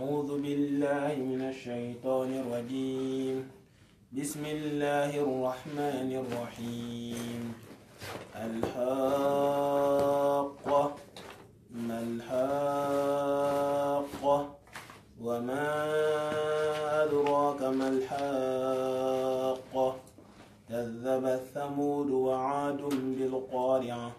أعوذ بالله من الشيطان الرجيم بسم الله الرحمن الرحيم الحاقة ما الحاقة وما أدراك ما الحاقة كذبت ثمود وعاد بالقارعة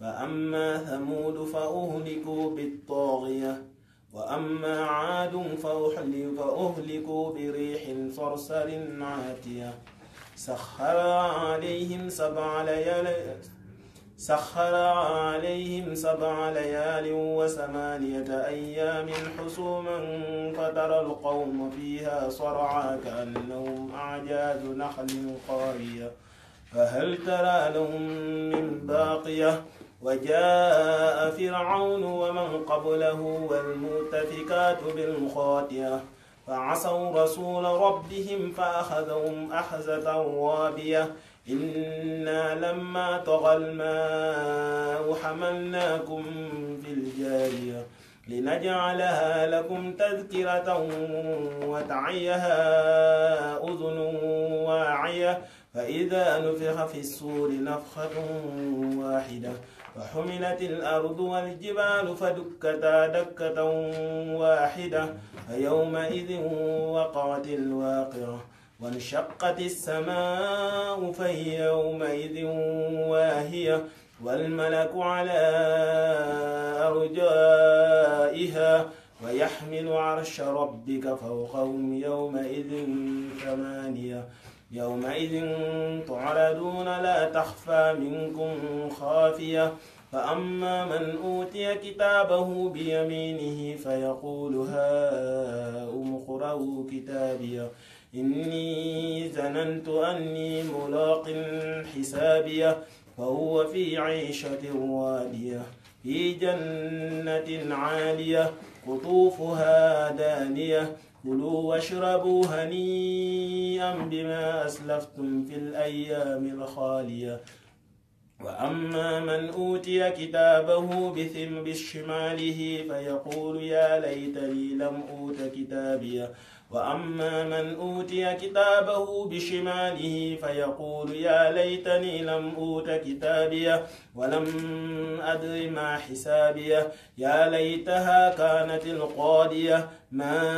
فأما ثمود فأهلكوا بالطاغية وأما عاد فأهلكوا بريح صرصر عاتية سخر عليهم سبع ليال سخر عليهم سبع ليال وثمانية أيام حسوما فترى القوم فيها صرعى كأنهم أعجاز نخل قارية فهل ترى لهم من باقية ؟ وجاء فرعون ومن قبله والمؤتفكات بالخاطئة فعصوا رسول ربهم فأخذهم أخذة رابية إنا لما طغى الماء حملناكم في الجارية لنجعلها لكم تذكرة وتعيها أذن واعية فإذا نفخ في السور نفخة واحدة فحملت الأرض والجبال فدكتا دكة واحدة فيومئذ وقعت الواقعة وانشقت السماء فهي يومئذ واهية والملك على أرجائها ويحمل عرش ربك فوقهم يومئذ ثمانية يومئذ تعرضون لا تخفى منكم خافية فأما من أوتي كتابه بيمينه فيقول هاؤم اقرءوا كتابيه إني ظننت أني ملاق حسابيه فهو في عيشة وادية في جنة عالية قطوفها دانية كلوا واشربوا هنيئا بما أسلفتم في الأيام الخالية وأما من أوتي كتابه بثم بشماله فيقول يا ليتني لم أوت كتابيه وأما من أوتي كتابه بشماله فيقول يا ليتني لم أوت كتابيه ولم أدر ما حسابيه يا ليتها كانت القاضية ما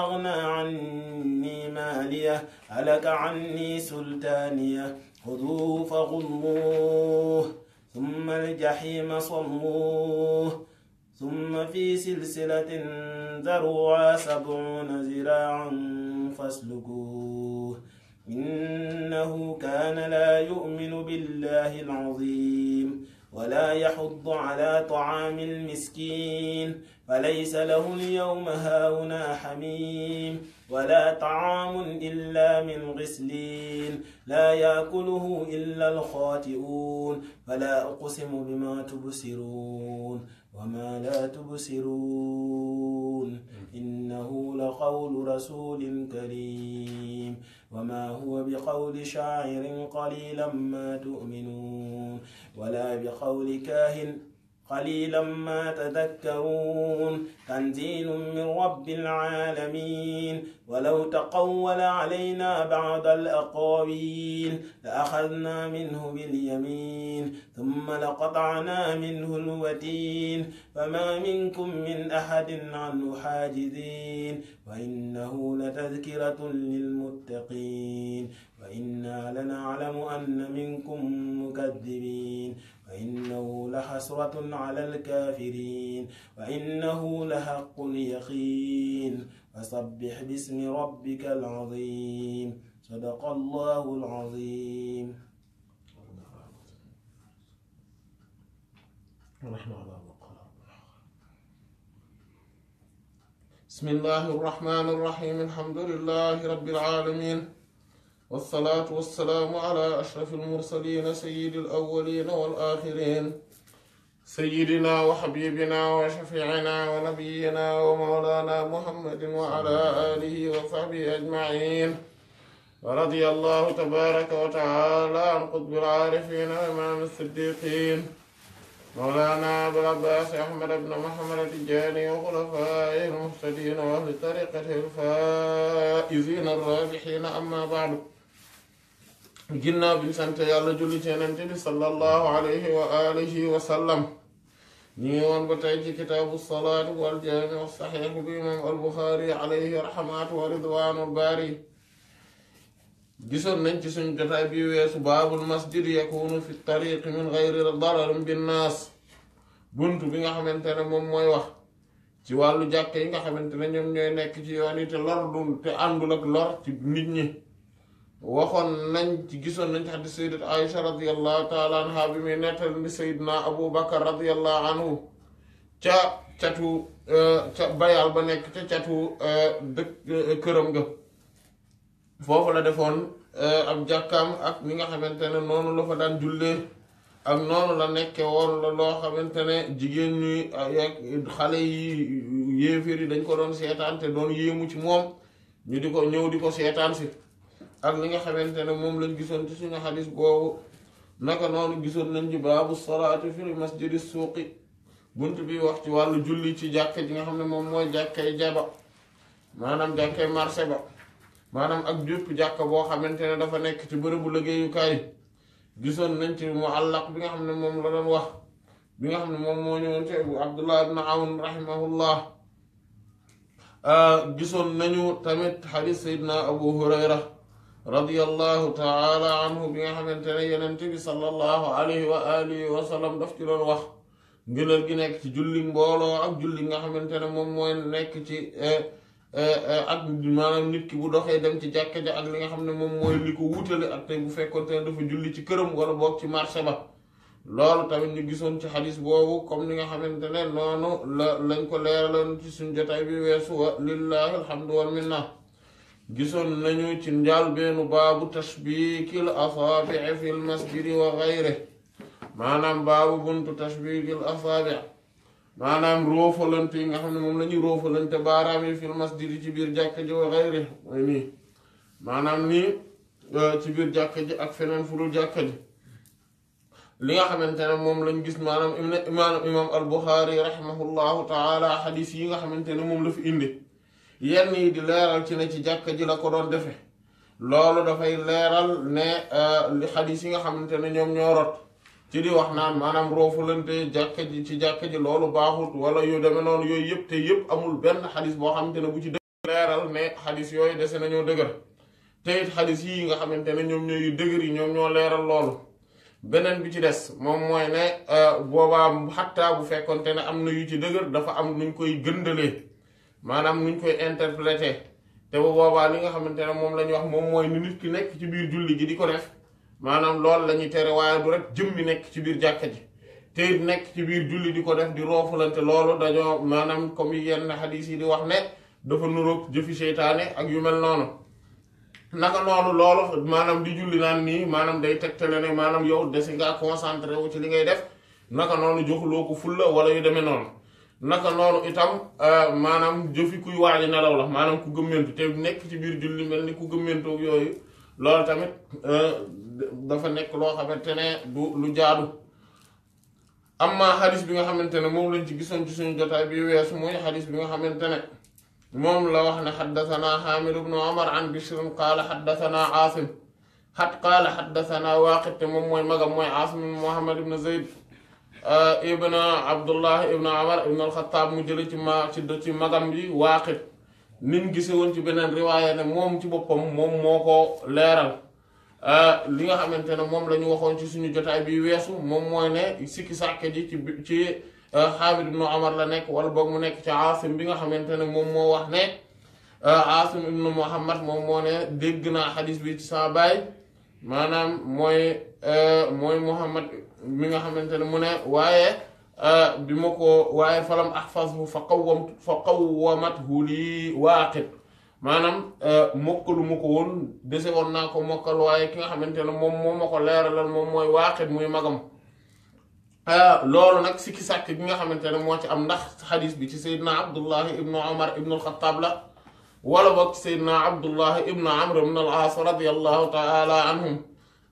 أغنى عني ماليه هلك عني سلطانيه خذوه فغلوه ثم الجحيم صموه ثم في سلسلة ذروها سبعون ذراعا فاسلكوه إنه كان لا يؤمن بالله العظيم ولا يحض على طعام المسكين فليس له اليوم هاهنا حميم ولا طعام إلا من غسلين لا يأكله إلا الخاطئون فلا أقسم بما تبصرون وما لا تبصرون إنه لقول رسول كريم وما هو بقول شاعر قليلا ما تؤمنون ولا بقول كاهن قليلا ما تذكرون تنزيل من رب العالمين ولو تقول علينا بعض الأقاويل لأخذنا منه باليمين ثم لقطعنا منه الوتين فما منكم من أحد عنه حاجزين وإنه لتذكرة للمتقين وإنا لنعلم أن منكم مكذبين وإنه لحسرة على الكافرين وإنه لحق اليقين فسبح باسم ربك العظيم صدق الله العظيم ونحن على وقار بسم الله الرحمن الرحيم الحمد لله رب العالمين والصلاة والسلام على أشرف المرسلين سيد الأولين والآخرين سيدنا وحبيبنا وشفيعنا ونبينا ومولانا محمد وعلى آله وصحبه أجمعين ورضي الله تبارك وتعالى عن قطب العارفين وإمام الصديقين مولانا أبو العباس أحمد بن محمد الجاني وخلفائه المهتدين وأهل طريقته الفائزين الرابحين أما بعد ginnaaw bi ñu sant yàlla julli ci yonent bi sallallahu alayhi wa alihi wa sallam ñu ngi woon ci kitaabu salaat wal jaami saxiix bi imaam al buxaari alayhi rahmatu wa ridwaanu baari gisoon nañ ci suñ jotaay bi weesu baabul masjid yakunu fi tariq min gayri dararin bin naas bi nga xamante ne moom mooy wax ci wàllu jàkk yi nga xamante ne ñoom ñooy nekk ci yoon yi te lor du te àndul ak lor ci nit ñi waxoon nañ ci gisoon nañ ci xadis sayyidat Aisha radiyallahu taala anha bi muy nettal ndi sayyidna Abu Bakar radiyallahu anhu ca catu euh, ca ba nekk ca catu euh, dëkk euh, këram ga foofu la defoon am jàkkaam ak ni nga xamante ne noonu la fa daan jullee ak noonu la nekke woon la loo xamante ne jigéen ñi ak xale yi yéeféer yi dañ ko doon seetaan te doon yéemu ci moom ñu di ko ñëw di ko seetaan si ak li nga xamante ne moom lañ gisoon ci suñu xadis boobu naka noonu gisoon nañ ci baabu salaati fil masjidi suuqi bunt bi wax ci wàllu julli ci jàkka ji nga xam ne moom mooy jàkkay jaba maanaam jàkkay marché ba maanaam ak jëpp jàkka boo xamante ne dafa nekk ci bërëbu liggéeyukaay gisoon nañ ci muallaq bi nga xam ne moom la doon wax bi nga xam ne moom moo ñëwoon ci abu abdullah ibn awn rahimahullah gisoon nañu tamit xadis sayidna abu hurayra رضي الله تعالى عنhu bi nga xamante ne yenent bi sallallahu alayhi wa alihi wa sallam daf ci doon wax ngëneel gi nekk ci julli mbooloo ak julli nga xamante ne moom mooy nekk ci ak maanaam nit ki bu doxee dem ci jàkka ja ak li nga xam ne moom mooy li ko wuutale ak tey bu fekkonte ne dafa julli ci këram wala boog ci marché ba loolu tamit ñu gisoon ci xadis boobu comme ni nga xamante ne noonu la lañ ko leeraloon ci suñ jotaay bi weesu wa lillahi alhamdu wal minna جسون نانيو تنجال بينو بابو تشبيك الأصابع في المسجد وغيره ما نام بابو بنتو تشبيك الأصابع ما نام روفو لنتو إنغا حمنا مم نانيو روفو لنتو بارامي في المسجد تبير جاكا جو وغيره ويني ما نام ني تبير جاكا جي أكفنان فلو جاكا جي ليغا حمنا تنم مم لن جس ما نام إمام البخاري رحمه الله تعالى حديثي غا تنم مم لف إندي yenn yi di leeral ci ne ci jàkka ji la ko doon defe loolu dafay leeral ne euh, li xadiis yi nga xamante ne ñoom ñoo rot ci di wax naan maanaam roofulante jàkka ji ci jàkka ji loolu baaxut wala yu demee noonu yooyu yëpp te yëpp amul benn xadis boo xamante ne bu ci dëgg leeral ne xadis yooyu dese nañoo dëgër te it xadis yi nga xamante ne ñoom ñooy dëgër yi ñoom ñoo leeral loolu beneen bi ci des moom mooy ne euh, boobaa xattaa bu fekkonte ne am na yu ci dëgër dafa am nuñ koy gëndalee maanaam nuñ koy interpréter te ba boobaa li nga xamante ne moom la ñuy wax moom mooy ni nit ki nekk ci biir julli gi di ko def maanaam loolu lañuy tere waaye du rek jëm bi nekk ci biir jàkka ji te nekk ci biir julli di ko def di roofalante loolu dañoo maanaam comme yenn xadiis yi di wax ne dafa nurook jëfi seytaane ak yu mel noonu naka noonu loolu maanaam di julli naan nii maanaam day teg tegtale ne maanaam yow desi ngaa concentré wu ci li ngay def naka noonu joxuloo ko fulla wala yu demee noonu naka noonu itam euh, maanaam jëfi kuy waaj nelaw la maanaam ku gëmmentu te nekk ci biir julli mel ni ku gëmmentu yooyu loolu tamit euh, dafa nekk loo xamante ne du lu jaadu amma xadis bi nga xamante ne moom lañ ci gisoon ci suñu jotaay bi weesu muy xadis bi nga xamante ne moom la wax ne xaddasanaa xaamid ibnu omar an bishrin qaala xaddasanaa aasim xat qaala xaddasanaa waaqit moom mooy magam mooy aasim muhammad ibnu zeyd Euh, ibn abdullah ibn amar ibn alxataab mu jële ci ma ci ci magam bi waaqit nin gise woon ci beneen riwaaya ne moom ci boppam moom moo ko leeral euh, li nga xamante ne moom lañu waxoon ci suñu jotaay bi weesu moom mooy ne sikki sàkke ji ci ci xaamid euh, ibnu amar la nekk wala boog mu nekk ci aasim bi nga xamante ne moom moo wax ne aasim ibnu muhammad moom moo ne dégg naa xadis bi ci saa baay maanaam mooy mooy mi nga xamantene mu ne waye bi ma ko waye falam ahfazhu fa qawwam fa qawwamathu li manam maanaam mokkalu ma ko woon dese won naa ko mokkal waye ki nga xamantene mom momako moo mom moy waqit muy magam lolu nak sikki sàkk bi nga xamantene mo ci am ndax hadith bi ci abdullah ibn umar ibn al-khattab la wala bok ci abdullah ibn amr ibn al as radiyallahu taala anhum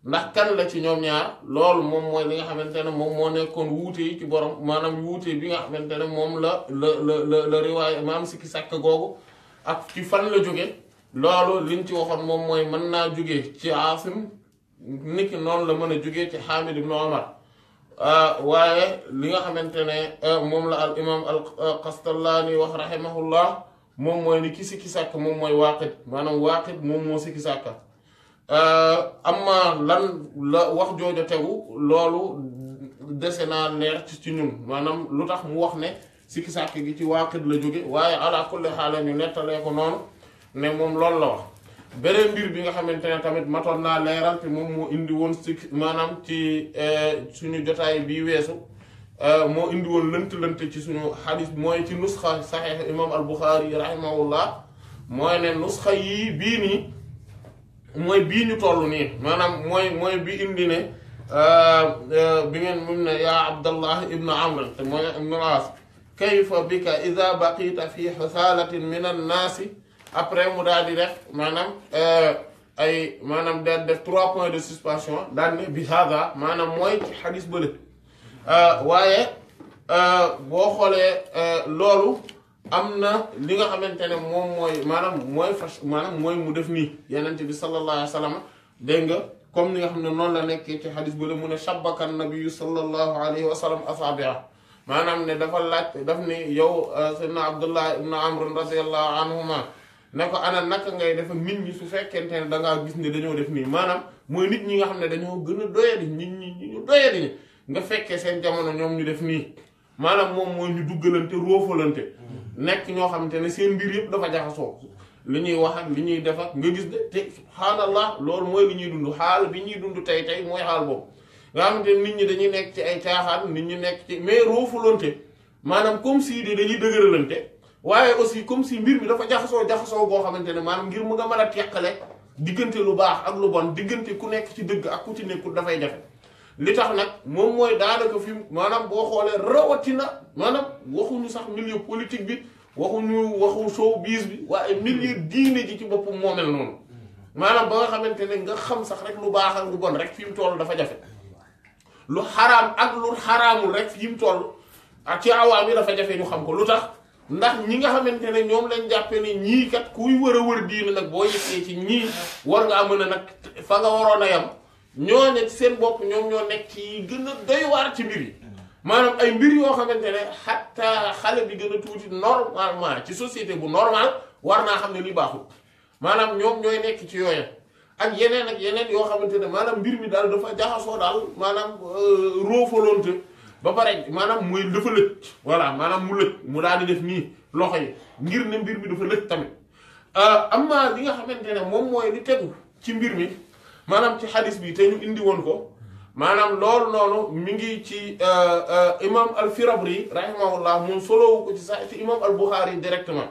ndax kan la ci ñoom ñaar loolu moom mooy li nga xamante ne moom moo nekkoon wuute ci borom maanaam wuute bi nga xamante ne moom la la la la riwaay sikki sàkk googu ak ci fan la jóge loolu liñ ci waxoon moom mooy mën naa jóge ci Aasim niki noonu la mën a jóge ci Xaamid ibn Omar ah, waaye li nga xamante ne ah, moom la al imaam al ah, Qastallaani wax rahimahullah moom mooy ni ki sikki sàkk moom mooy Waaqid maanaam Waaqid moom moo sikki sàkka Euh, amma lan la wax joojo tegu loolu dese naa leer ci ñun maanaam lu tax mu wax ne sikki sàkk gi ci waaqit la jóge waaye ala kulli xaala ñu nettalee ko noonu ne moom lool la wax beneen mbir bi nga xamante ne tamit matoon naa leeral te moom moo indi woon sikki maanaam ci euh, suñu jotaay bii weesu euh, moo indi woon lënt-lënt ci suñu xalis mooy ci nusxa saxeex imam al buxaari rahimahullah mooy ne nusxa yii bii nii moy bi ñu tollu ni manam moy moy bi indi ne euh bi ngeen mum ne yaa abdallah ibnu amr te mooy ibnu aas kayfa bika ida baqita fi xusalatin après mu daal di def maanaam ay maanaam daal def trois points de suspension daal ne bi hada maanaam mooy ci xadis bële waaye boo xoolee loolu am na li nga xamante ne moom mooy maanaam mooy fas mooy mu def nii yenente bi sallallahu alayhi wa sallam dégg nga comme ni nga xam ne noonu la nekkee ci xadis bu la mu ne shabbaka nabiyu sallallahu alayhi wa sallam asaabi'a maanaam ne dafa laaj daf ne yow euh, sayyidna abdullah ibn amr radiallahu anhuma ne ko ana naka ngay defa nit ñi su fekkente ne da gis ne dañoo def nii maanaam mooy nit ñi nga xam ne dañoo gën a doyadi nit ñi ñu doyadi nga fekkee seen jamono ñoom ñu def nii maanaam moom mooy ñu duggalante róofalante nekk ñoo xamante ne seen mbir yëpp dafa jaxasoo li ñuy wax ak li ñuy def ak nga gis de te subhaanallah loolu mooy li ñuy dund xaal bi ñuy dund tey tey mooy xaal boobu nga xamante ne nit ñi dañuy nekk ci ay caaxaan nit ñi nekk ci mais roofulante maanaam comme si di dañuy dëgëralante waaye aussi comme si mbir mi dafa jaxasoo jaxasoo boo xamante ne maanaam ngir mu nga mën a teqale diggante lu baax ak lu bon diggante ku nekk ci dëgg ak ku ci nekkul dafay jafe. li tax nag moom mooy daanaka fi maanaam boo xoolee rawatina maanaam waxuñu sax milieu politique bi waxuñu waxu showbiz bi waaye milieu diine ji ci boppam moo mel noonu maanaam ba nga xamante ne nga xam sax rek lu baax ak lu rek fi mu toll dafa jafe lu xaraam ak lu xaraamul rek mu toll ak ci awaam yi dafa jafe ñu xam ko lu tax ndax ñi nga xamante ne ñoom lañ jàppee ne ñii kat kuy wër a wër diine nag boo yëgee ci ñii war ngaa mën a nag fa nga waroon a yam. ñoo ne seen bopp ñoom ñoo nekk ci gën a doy waar ci mbir yi maanaam ay mbir yoo xamante ne xatta xale bi gën a tuuti normalement ci société bu normal war naa xam ne li baaxul maanaam ñoom ñooy nekk ci yooya ak yeneen ak yeneen yoo xamante ne maanaam mbir mi daal dafa jaxasoo daal maanaam euh, roofaloonte ba pare maanaam muy dafa lëj voilà maanaam mu lëj mu daal di def nii loxo yi ngir ne mbir mi dafa lëj tamit euh, am na li nga xamante ne moom mooy ni tegu ci mbir mi manam ci hadith bi te ñu indi won ko manam lool noonu mi ngi ci imam al firabri rahimahullah mu solo ko ci sahih ci imam al bukhari directement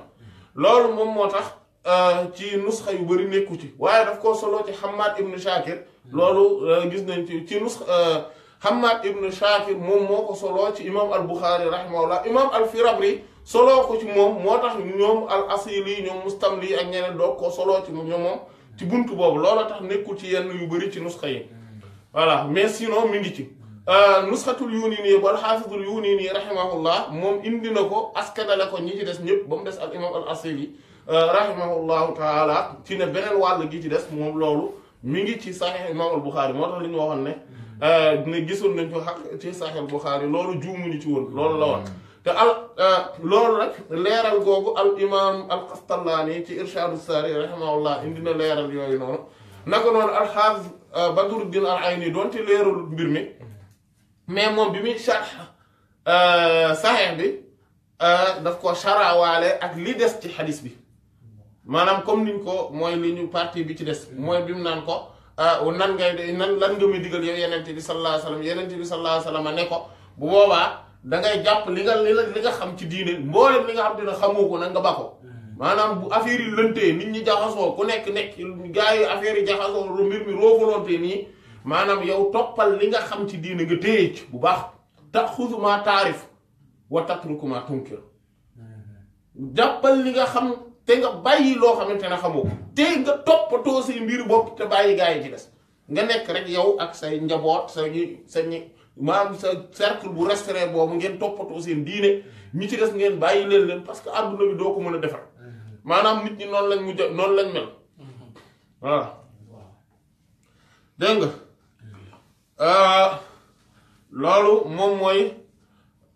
lool mom motax ci nuskha yu bari neeku ci waye daf ko solo ci hamad ibn Shakir loolu gis nañ ci ci nuskha hamad ibn Shakir mom moko solo ci imam al bukhari rahimahullah imam al firabri solo ko ci mom motax ñom al asili ñom mustamli ak ñene do ko solo ci ñom mom ci buntu bobu lolo tax nekul ci yenn yu bari ci nuskha yi voilà mais sinon mi ngi ci nuskhatul yunini wal hafizul yunini rahimahullah mom indi na ko askanale ko ñi ci dess ñep bam dess des al imam al asili rahimahullah taala ci ne benen wal gi ci dess mom lolu mi ngi ci sahih imam al bukhari mo tax li ñu waxoon ne ne gisul nañ ko xaq ci sahih al bukhari lolu loolu ñu ci won lolu la won te al loolu rek leeral googu al imaam al Qastallaani ci Irshaadu Saari rahimahullah indi na leeral yooyu noonu naka noonu al xaafis Badruddin al Ayni doonte leerul mbir mi mais moom bi muy sharx saxiix bi daf ko sharaawaale ak li des ci xadis bi maanaam comme niñ ko mooy li ñu partie bi ci des mooy bi mu naan ko nan ngay nan lan nga muy digal yow yenente bi sallallahu alayhi wa sallam yenente bi sallallahu alayhi wa sallam ne ko bu boobaa da ngay jàpp li nga li la li nga xam ci diine mboolem li nga xam te ne xamoo ko nag nga bako hmm. maanaam bu affaire yi lëntee nit ñi jaxasoo ku nekk nekk gars yi affaire yi jaxasoo mbir mi roofaloonte nii maanaam yow toppal li nga xam ci diine nga téye ci bu baax taxusu maa taarif wa tatruku maa tunkir hmm. jàppal li nga xam te nga bàyyi loo xamante ne xamoo ko te nga toppatoo si mbir bopp te bàyyi gars yi ci des nga nekk rek yow ak say njaboot sa ñi sa ñi maanaam sa cercle bu restreint boobu ngeen toppatoo seen diine ñi ci des ngeen bàyyi leen leen parce que àdduna bi doo ko mën a defar maanaam nit ñi noonu lañ mujj noonu lañ mel voilà dégg nga euh, loolu moom mooy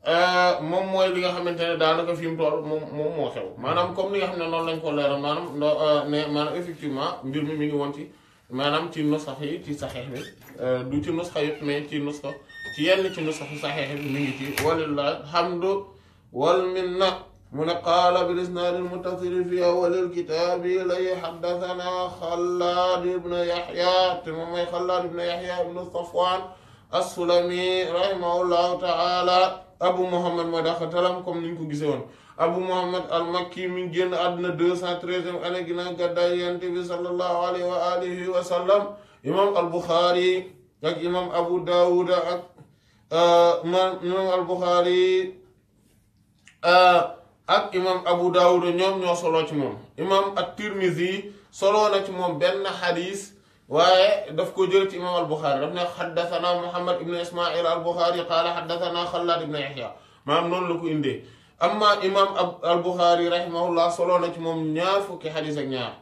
euh, moom mooy li nga xamante ne daanaka fi mu toll moom moom moo xew maanaam comme li nga xam ne noonu lañ ko leeral maanaam euh, ne maanaam effectivement mbir mi mi ngi woon ci maanaam ci nosax yi ci saxeex bi du ci nosax yëpp mais ci ko تيان تي نصح صحيح ميتي والحمد والمنة من قال بالإسناد المتصل في أول الكتاب إلي حدثنا خلاد بن يحيى تمام خلاد بن يحيى بن صفوان السلمي رحمه الله تعالى أبو محمد ما دخلت لهم كم نينكو أبو محمد المكي من جن أدنى 213 أنا جنا قد ينتي بي صلى الله عليه وآله وسلم إمام البخاري كإمام أبو داود أك Eh, imam al-Bukhari eh, ak imam Abu Dawud ñoom ñoo solo ci moom imam at-Tirmidhi solo na ci moom benn xadis waaye daf ko jël ci imam al-Bukhari daf ne xaddathana Muhammad ibn Ismail al-Bukhari qaala xaddathana Xallaad ibn Yahya maanaam noonu la ko indee amma imam al-Bukhari rahimahullah solo na ci moom ñaar fukki xadis ak ñaar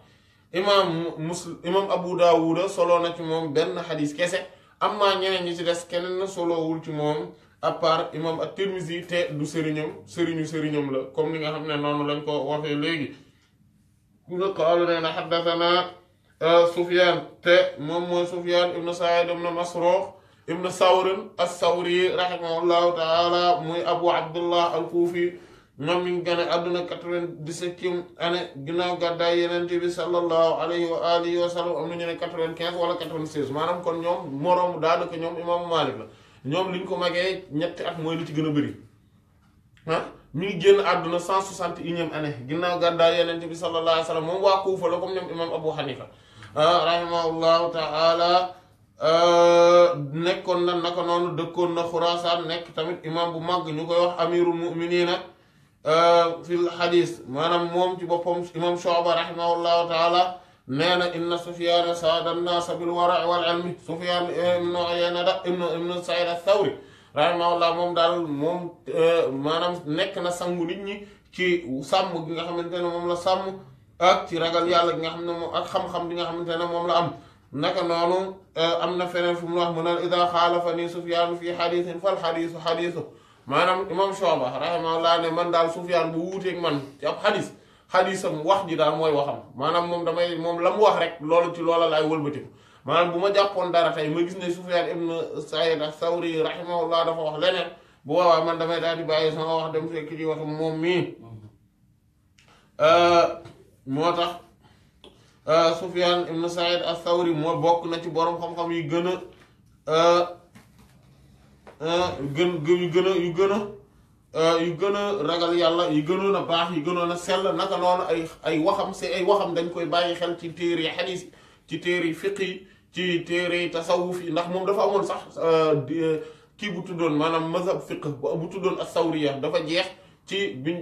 imam Muslim imam Abu Dawud solo ci moom benn xadis kese. amma ñeneen ñi ci des keneen na soloowul ci moom à i moom a tirmidhi te du sëriñam sëriñu sëriñam la comme ni nga xam ne noonu lañ ko waxee léegi nga qaalu nee na xaddathana euh, Sufyaan te moom mooy Sufyaan ibnu Sa'iid ibnu Masruuq ibnu Sawrin as-Sawri rahimahullahu taala muy Abu Abdullah al-Kuufi moom mi ngi gane àdduna quatre-vingt-dix-septième année ginnaaw gàddaay yenente bi sallallahu alayhi wa alihi wa sallam am na ñu ne quatre-vingt-quinze wala quatre-vingt-seize maanaam kon ñoom moroom daanaka ñoom imaamu Maalik la ñoom li ñu ko magee ñetti at mooy lu ci gën a bëri ah mi ngi génn àdduna cent soixante et unième ginaaw ginnaaw gàddaay yenente bi sallallahu alayhi wa sallam moom waa Kuufa la comme ñoom imaam Abu Hanifa ah, rahimahullahu taala ah, nekkoon na naka noonu dëkkoon na Xuraasaan nekk tamit imaam bu mag ñu koy wax amirul muminina آه، في الحديث ما نموم جب بوم إمام شعبة رحمه الله تعالى نانا إن سفيان ساد الناس بالورع والعلم سفيان ابن عيان دا ابن ابن سعيد الثوري رحمه الله موم دال موم آه، ما نم نك نسنجو نيني كي وسام مغنى خمنتنا موم لا سام أك تيرجال يالك غنى خمنا أك خم خم غنى خمنتنا موم لا أم نك نانو آه، أم نفرن فملاه من إذا خالفني سفيان في حديث فالحديث حديثه maanaam imam Shoba rahimahullah ne man daal Sufyaan bu wuuteeg man ci ab xadis xadisam wax ji daal mooy waxam maanaam moom damay moom la mu wax rek loolu ci loola laay wëlbatiku maanaam bu ma jàppoon dara tey ma gis ne Sufyaan ibn Saïd as-Sawri rahimahullah dafa wax leneen bu boobaa man damay daal di bàyyi sama wax dem fekk ci waxam moom mii euh, moo tax euh, Sufyaan ibn Saïd as-Sawri moo bokk na ci boroom xam-xam yi gën euh, Euh, gën yu gën a yu gën a euh, yu gën a ragal yàlla yu gënoon a baax yu gënoon a sell naka noonu ay ay waxam si ay waxam dañ koy bàyyi xel ci téere yi xadiis ci téere yi fiq yi ci téere yi tasawuf yi ndax moom dafa amoon sax euh, kii bu tuddoon maanaam mazhab fiq bu tuddoon as-sawriya dafa jeex ci biñ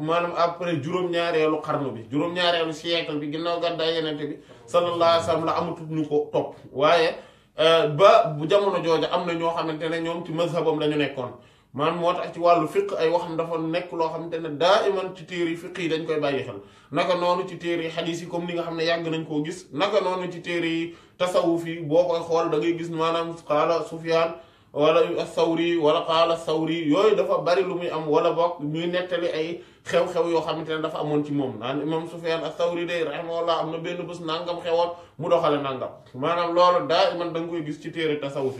maanaam après juróom-ñaareelu xarnu bi juróom-ñaareelu siècle bi ginnaaw gàddaay yenente bi sallallahu alayhi wa sallam la amatul ñu ko topp waaye Euh, ba bu jamono jooja am na ñoo xamante ne ñoom ci mazhabam la ñu nekkoon maanaam moo tax ci wàllu fiq ay waxam dafa nekk loo xamante ne daa iman ci téere yi fiq yi dañ koy bàyyi xel naka noonu ci téere yi xadiis yi comme ni nga xam ne yàgg nañ koo gis naka noonu ci téere yi tasawuf yi boo koy xool da ngay gis maanaam qaala Sufyaan wala as-Sawri wala qaala as-Sawri yooyu dafa bari lu muy am wala bokk ñuy nettali ay xew-xew yoo xamante ne dafa amoon ci moom naan moom Sufyaan as-Sawri day rahimahullah am na benn bés nangam xewoon mu doxale nangam maanaam loolu daa iman da nga koy gis ci téere tasawuf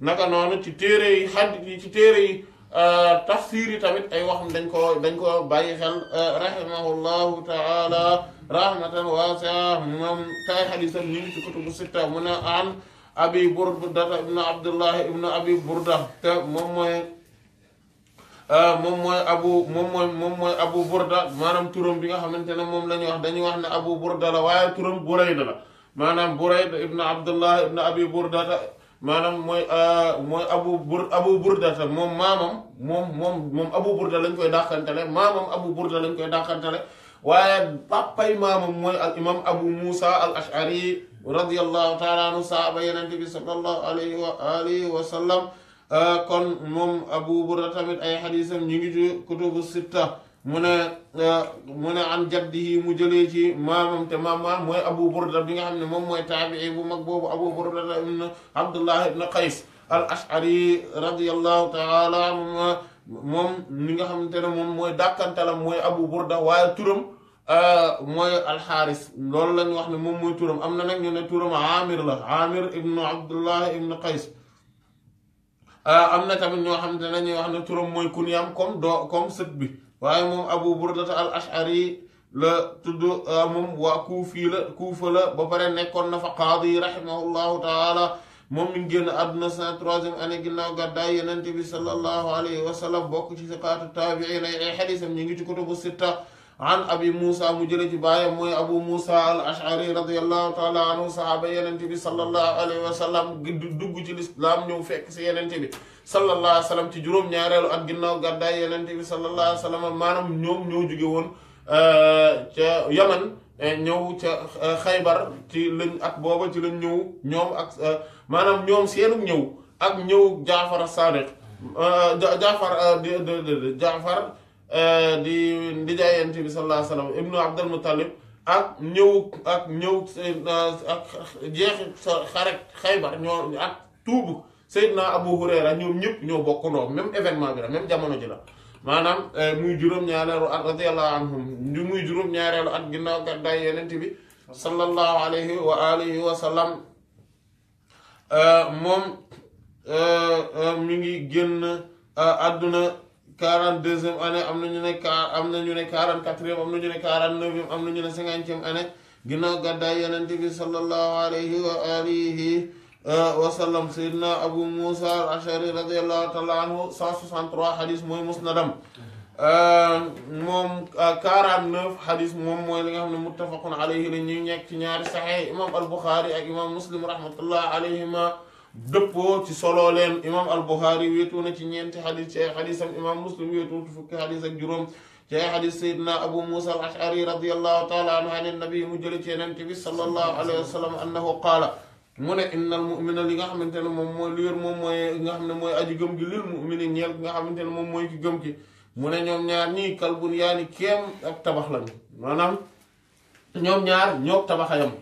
naka noonu ci téere yi xaddit yi ci téere yi euh, tafsir yi tamit ay waxam dañ ko dañ ko bàyyi xel euh, rahimahullahu taala rahmatan waasi'a moom tay xadisam ñu ngi ci kutubu sitta mu ne an abi burda ibn abdullahi ibn abi burda te moom mooy Euh, moom mooy abu moom mooy moom mooy abu burda maanaam turam bi nga xamante ne moom la ñuy wax dañuy wax ne abu burda la waaye turam burayda la maanaam burayda ibn abdullah ibn abi burdata maanaam mooy euh, mooy abu bur abu burdata moom maamam moom moom moom abu burda lañ koy dàqantele maamam abu burda lañ koy dàqantele waaye pàppay maamam mooy al imam abu musa al ashari radiyallahu taala anhu saaba yenente bi sallallahu alayhi wa alihi wa sallam kon mom abu burda tamit ay haditham ñi ngi ci kutubu sitta muna ne mu an jaddihi mu jele ci mamam te mama moy abu burda bi nga xamne mom moy tabi'i bu mag bobu abu burda ibn abdullah ibn qais al ashari radiyallahu taala mom moom mi nga xamne ne moom mooy dàkkantalam mooy abu burda waaye moy al haris lolou lañ wax ne mom moy turum amna nak ñu ne turum amir la amir ibn abdullah ibn qais Euh, am na tamit ñoo xamante ne ñuy wax ne turam mooy kunyaam comme doo comme sët bi waaye moom abu burdata al ashari la tudd euh, moom waa kuufi la kuufa la ba pare nekkoon na fa qaadi rahimahullahu taala moom mi ngi génn àdduna cent troisième année ginnaaw gàddaay yenente bi sallallahu alayhi wa sallam bokk ci siqaatu taabiina ay xadisam ñi ngi ci kutubu sitta عن ابي موسى مجرد باي موي ابو موسى الاشعري رضي الله تعالى عنه صحابه يننتي صلى الله عليه وسلم دغ في الاسلام نيو فك سي يننتي صلى الله عليه وسلم تي جروم نياارلو اك غيناو غدا يننتي صلى الله عليه وسلم مانام نيوم نيو جوغي وون آه، ا تي يمن آه، نيو تي آه، خيبر تي لن اك بوبا تي لن نيو نيوم اك مانام نيوم سينو نيو اك نيو جعفر الصادق جعفر جعفر Euh, di ndijaay yonent bi sallallahu alayhi wa sallam ibnu abdul muttalib ak ñëw ak ñëw ak jeexi xaret xaybar ñoo ak tuubu Seydina Abu Hurayra ñoom ñëpp ñoo bokkandoo même événement bi la même jamono ji la maanaam euh, muy juróom-ñaareelu at radiyallahu anhum muy juróom-ñaareelu at ginnaaw gàddaay yonent bi sallallahu alayhi wa alihi wa sallam euh, moom mi ngi génn àdduna quarante deuxième année am na ñu ne am na ñu ne quarante quatrième am na ñu ne quarante neuvième am na ñu ne cinquantième année ginnaaw gàddaay yonent bi sallallahu alayhi wa alihi euh, wa sallam sayyidina abu musa al ashari radiallahu taala anhu cent soixante-trois xadis mooy musnadam euh, moom euh, quarante-neuf xadis moom mooy li nga xam ne muttafaqun alayhi la ñuy nekk ci ñaari saxee imam al buxaari ak imam muslim rahmatullah alayhima dëppoo ci solo leen imam al-Bukhari wéetoo na ci ñeenti xadis ci ay xadisam imam muslim wéetoo ci fukki xadis ak juróom ci ay xadis sayidna abu musa al ashari radiallahu taala anhu an nabi mu jële ci yenente bi sallallahu alayhi wa sallam annahu qaala mu ne innal mumina li nga xamante ne moom mooy liwér moom mooy nga xam ne mooy aji gëm gi lil mumini ñeel nga xamante ne moom mooy ki gëm gi mu ne ñoom ñaar ñii kalbun yaani kéem ak tabax maanaam ñoom ñaar ñoog tabaxayam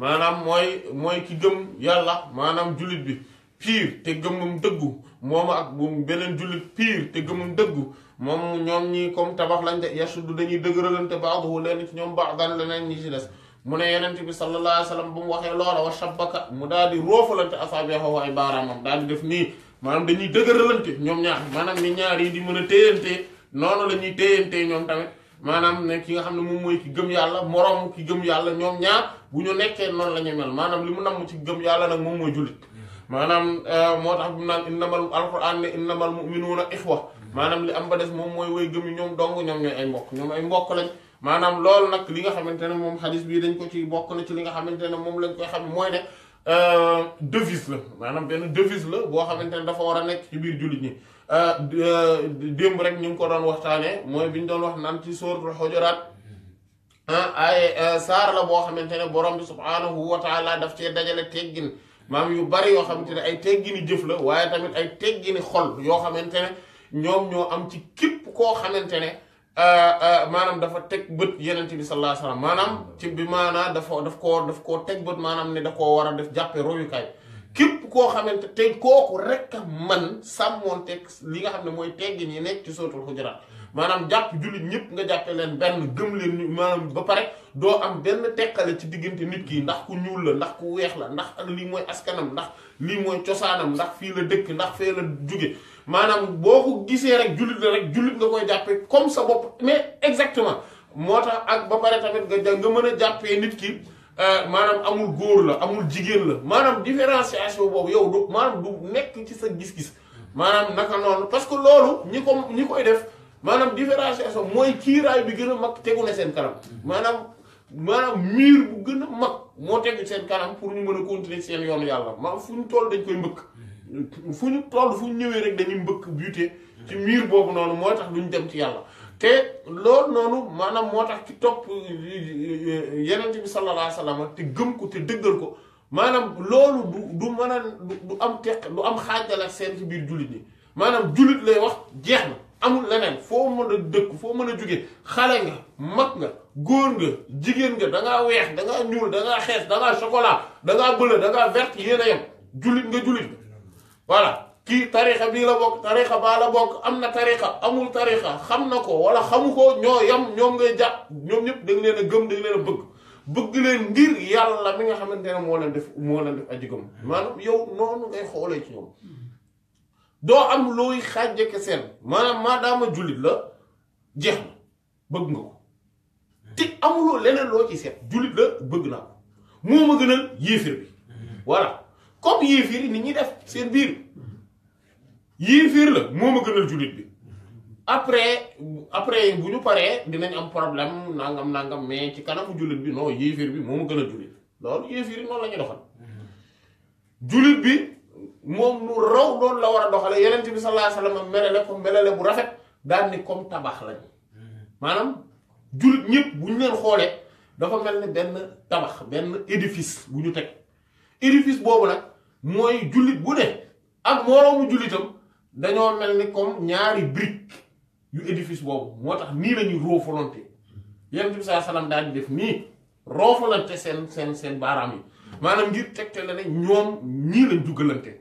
maanaam mooy mooy ki gëm yàlla maanaam jullit bi piir te gëmmam dëggu moom ak bu beneen jullit piir te gëmmam dëggu moom ñoom ñi comme tabax lañ de yasudu dañuy dëgëralante baaduhu leen ci ñoom baax daan leneen ñi ci des mu ne yenent bi sallallahu alayhi wa sallam bu mu waxee loola wa shabaka mu daal di roofalante asaabi'ahu ay baaraamam daal di def nii maanaam dañuy dëgëralante ñoom ñaar maanaam ni ñaar yi di mën a téyante noonu la ñuy téyante ñoom tamit maanaam ne ki nga xam ne moom mooy ki gëm yàlla moroom ki gëm yàlla ñoom ñaar bu ñu nekkee noonu la ñuy mel maanaam li mu nam ci gëm yàlla nag moom mooy jullit maanaam euh, moo tax bu naan innamal alquran ne innamal muminuuna ixwa maanaam li am ba des moom mooy way gëm yi ñoom dong ñoom ay mbokk ñoom ay mbokk lañ maanaam loolu nag li nga xamante ne moom xalis bii dañ ko ci bokk na ci li nga xamante ne moom lañ koy xam mooy ne euh, devise la maanaam benn devise la boo xamante ne dafa war a nekk ci biir jullit ñi Euh, euh, démb rek ñu ngi ko doon waxtaanee mooy bi ñu doon wax naan ci sóoratul xujuraat ay euh, saar la boo xamante ne borom bi subhaanahu wa taala daf cee dajale teggin maam yu bari yoo xamante ne ay teggini jëf la waaye tamit ay teggini xol yoo xamante ne ñoom ñoo am ci képp koo xamante ne maanaam dafa teg bët yenent bi sallallahu alayhi maanaam ci bi maanaam dafa daf koo daf koo teg bët maanaam ne daf koo war a def jàppe royukaay képp koo xamante te kooku rek a man sàmmoonteeg li nga xam ne mooy teggin yi nekk ci sootul xujuraat maanaam jàpp jullit ñëpp nga jàppee leen benn gëm leen ñu maanaam ba pare doo am benn teqale ci diggante nit ki ndax ku ñuul la ndax ku weex la ndax lii mooy askanam ndax lii mooy cosaanam ndax fii la dëkk ndax fee la jóge maanaam boo ko gisee rek jullit la rek jullit nga koy jàppe comme sa bopp mais exactement moo tax ak ba pare tamit nga nga mën a jàppee nit ki Euh, maanaam amul góor la amul jigéen la maanaam différenciation boobu yow du maanaam du nekk ci sa gis-gis maanaam naka noonu parce que loolu ñi ko ñi koy def maanaam différenciation mooy kiiraay bi gën a mag tegu na seen kanam maanaam maanaam miir bu gën a mag moo tegu seen kanam pour ñu mën a continuer seen yoonu yàlla maanaam fu ñu toll dañ koy mbëkk fu ñu toll fu ñu ñëwee rek dañuy mbëkk buté ci miir boobu noonu mooy tax ñu dem ci yàlla te loolu noonu maanaam moo tax ci topp yenent bi sallallahu alayhi wa sallam te gëm ko ti dëggal ko maanaam loolu du du mën a du am teq du am xaajal seen ci biir jullit ñi maanaam jullit lay wax jeex na amul leneen foo mën a dëkk foo mën a jóge xale nga mag nga góor nga jigéen nga da ngaa weex da ngaa ñuul da ngaa xees da ngaa chocolat da ngaa bleu da ngaa vert yéen a yem jullit nga jullit voilà kii tarixa bii la bokk tarixa baa la bokk am na tarixa amul tarixa xam na ko wala xamu ko ñoo yam ñoom ngay jàpp ñoom ñëpp da nga leen gëm da nga bëgg bëgg leen ngir yàlla mi nga xamante ne moo def moo aji gëm maanaam yow noonu ngay xoolee ci ñoom doo am maanaam maadaama jullit la jeex na bëgg nga ko te amuloo leneen loo ci seet jullit la bëgg na ko moo ma gënal yéefir bi voilà comme yéefir yi nit ñi def seen biir yéeféer la moo ma gënal jullit bi après après bu ñu paree dinañ am problème nangam nangam mais ci kanamu jullit bi non yéeféer bi moo ma gënal jullit loolu yéeféer yi noonu la ñuy doxal bi moom lu raw doon la war a doxale yeneen bi sallallahu alayhi wasallam melale ko melale bu rafet daal ni comme tabax lañ maanaam jullit ñëpp bu ñu leen xoolee dafa mel ni benn tabax benn édifice bu ñu teg édifice boobu nag mooy jullit bu ne ak mu jullitam dañoo mel ni comme ñaari brique yu édifice boobu moo tax nii la ñuy roofalante yonent bi saa salaam daal di def nii roofalante seen seen seen baaraam yi maanaam ngir tegte la ne ñoom ñii lañ dugalante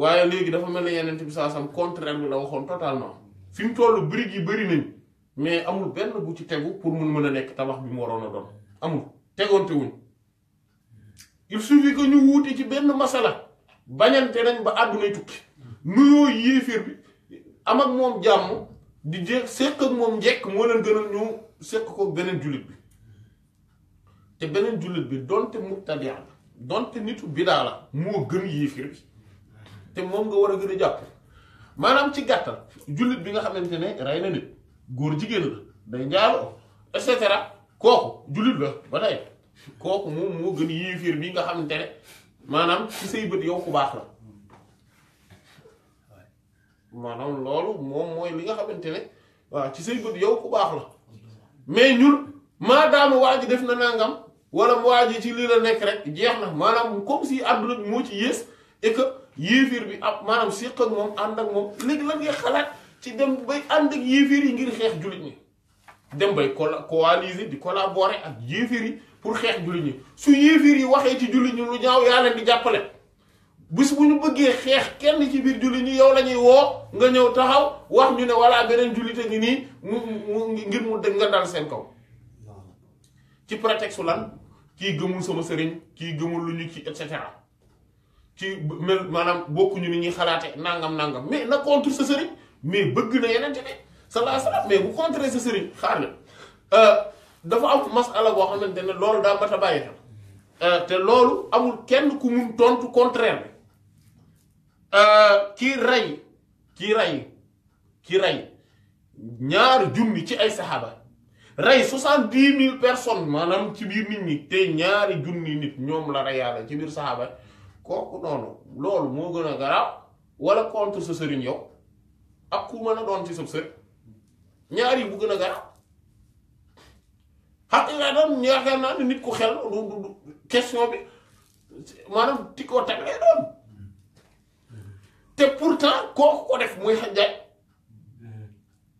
waaye léegi dafa mel ni yonent bi saa salaam contraire bi la waxoon totalement fi mu toll brique yi bëri nañ mais amul benn bu ci tegu pour mun mën a nekk tabax bi mu waroon a doon amul tegoonte wuñ il suffit que ñu wuute ci benn masala bañante nañ ba àddunay tukki. nuyoo yéeféer bi am ak moom jàmm di jeex seq moom njekk moo leen gënal ñu seq ko beneen jullit bi te beneen jullit bi donte mubtadia la donte nitu bidaa la moo gën yéeféer bi te moom nga war a gën a jàpp maanaam ci gàttal jullit bi nga xamante ne rey na nit góor jigéen la day njaaloo et cetera kooku jullit la ba tey kooku moom moo gën yéeféer bi nga xamante ne maanaam ci say bët yow ku baax la maanaam loolu moom mooy li nga xamante ne waaw ci say bët yow ku baax la mais ñun maadaama waa ji def na nangam wala waa ji ci lii la nekk rek jeex na maanaam comme si àdduna bi moo ci yées et que bi ab maanaam siq ak moom ànd moom léegi lan ngay xalaat ci dem bay ànd ak yéefir yi ngir xeex jullit ñi dem bay coaliser di collaborer ak yéefir yi pour xeex jullit ñi su yéefir yi waxee ci jullit ñi lu ñaaw yaa leen di jàppale. bis bu ñu bëggee xeex kenn ci biir julli ñi yow la woo nga ñëw taxaw wax ñu ne walla beneen jullite ngi nii mu mu ngir mu nga dal seen kaw ci prétexte lan ci gëmul sama sëriñ kii gëmul lu ñu ci et cetera ci mel maanaam bokkuñu ni ñuy xalaate nangam nangam mais na contre sa sëriñ mais bëgg na yeneen ne salaa salaam mais bu contre sa sëriñ xaar la euh, dafa am masala boo xamante ne loolu daa mat a bàyyi xel euh, te loolu amul kenn ku mun tontu contraire Euh, kii rey kii rey kii rey ñaar junni ci ay saxaaba rey soixante-dix mille personnes maanaam ci biir nit ñi te ñaari junni nit ñoom la reyaale ci biir saxaaba kooku noonu loolu moo gën a garaaw wala contre sa sëriñ yow ak ku mën a doon ci sa sëriñ ñaar yi bu gën a garaaw xam nga doon yaakaar naa ne nit ku xel du question bi maanaam ti doon te pourtant kooku ko def muy xajjaaj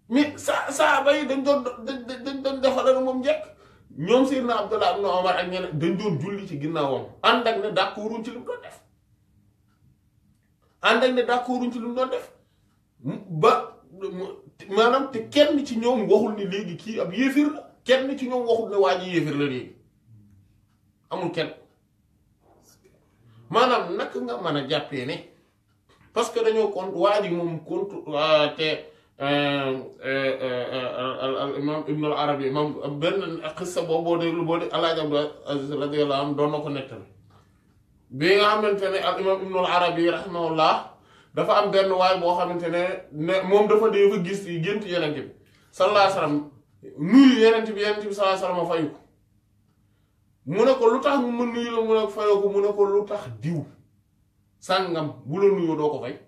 mais sa saaba yi dañ doon dañ doon defaral moom njekk ñoom Seydina Abdullah ibn Omar ak ñeneen dañ doon julli ci ginnaawam ànd ak ne ci lu mu doon def ànd ci lu def ba maanaam te kenn ci ñoom waxul ni léegi kii ab yéefir la kenn ci ñoom waxul ne waa yéefir la léegi amul kenn maanaam naka nga mën a jàppee ne. parce que dañu kon wadi mom moom kontu te imam ibnu al arabi moom benn xissa boobu dé alaaji abdu aziz radiyallahu anhu doon na ko bi nga xamante al imam ibn al arabi rahimahullah dafa am benn waay boo xamante ne dafa dee fa gis yi gént yenent sallallahu alayhi wa nuyu yenent bi sallallahu alayhi wa fayu ko mu lu tax mu nuyu la mu ne fayu diw sàngam bu la nuyoo doo ko fay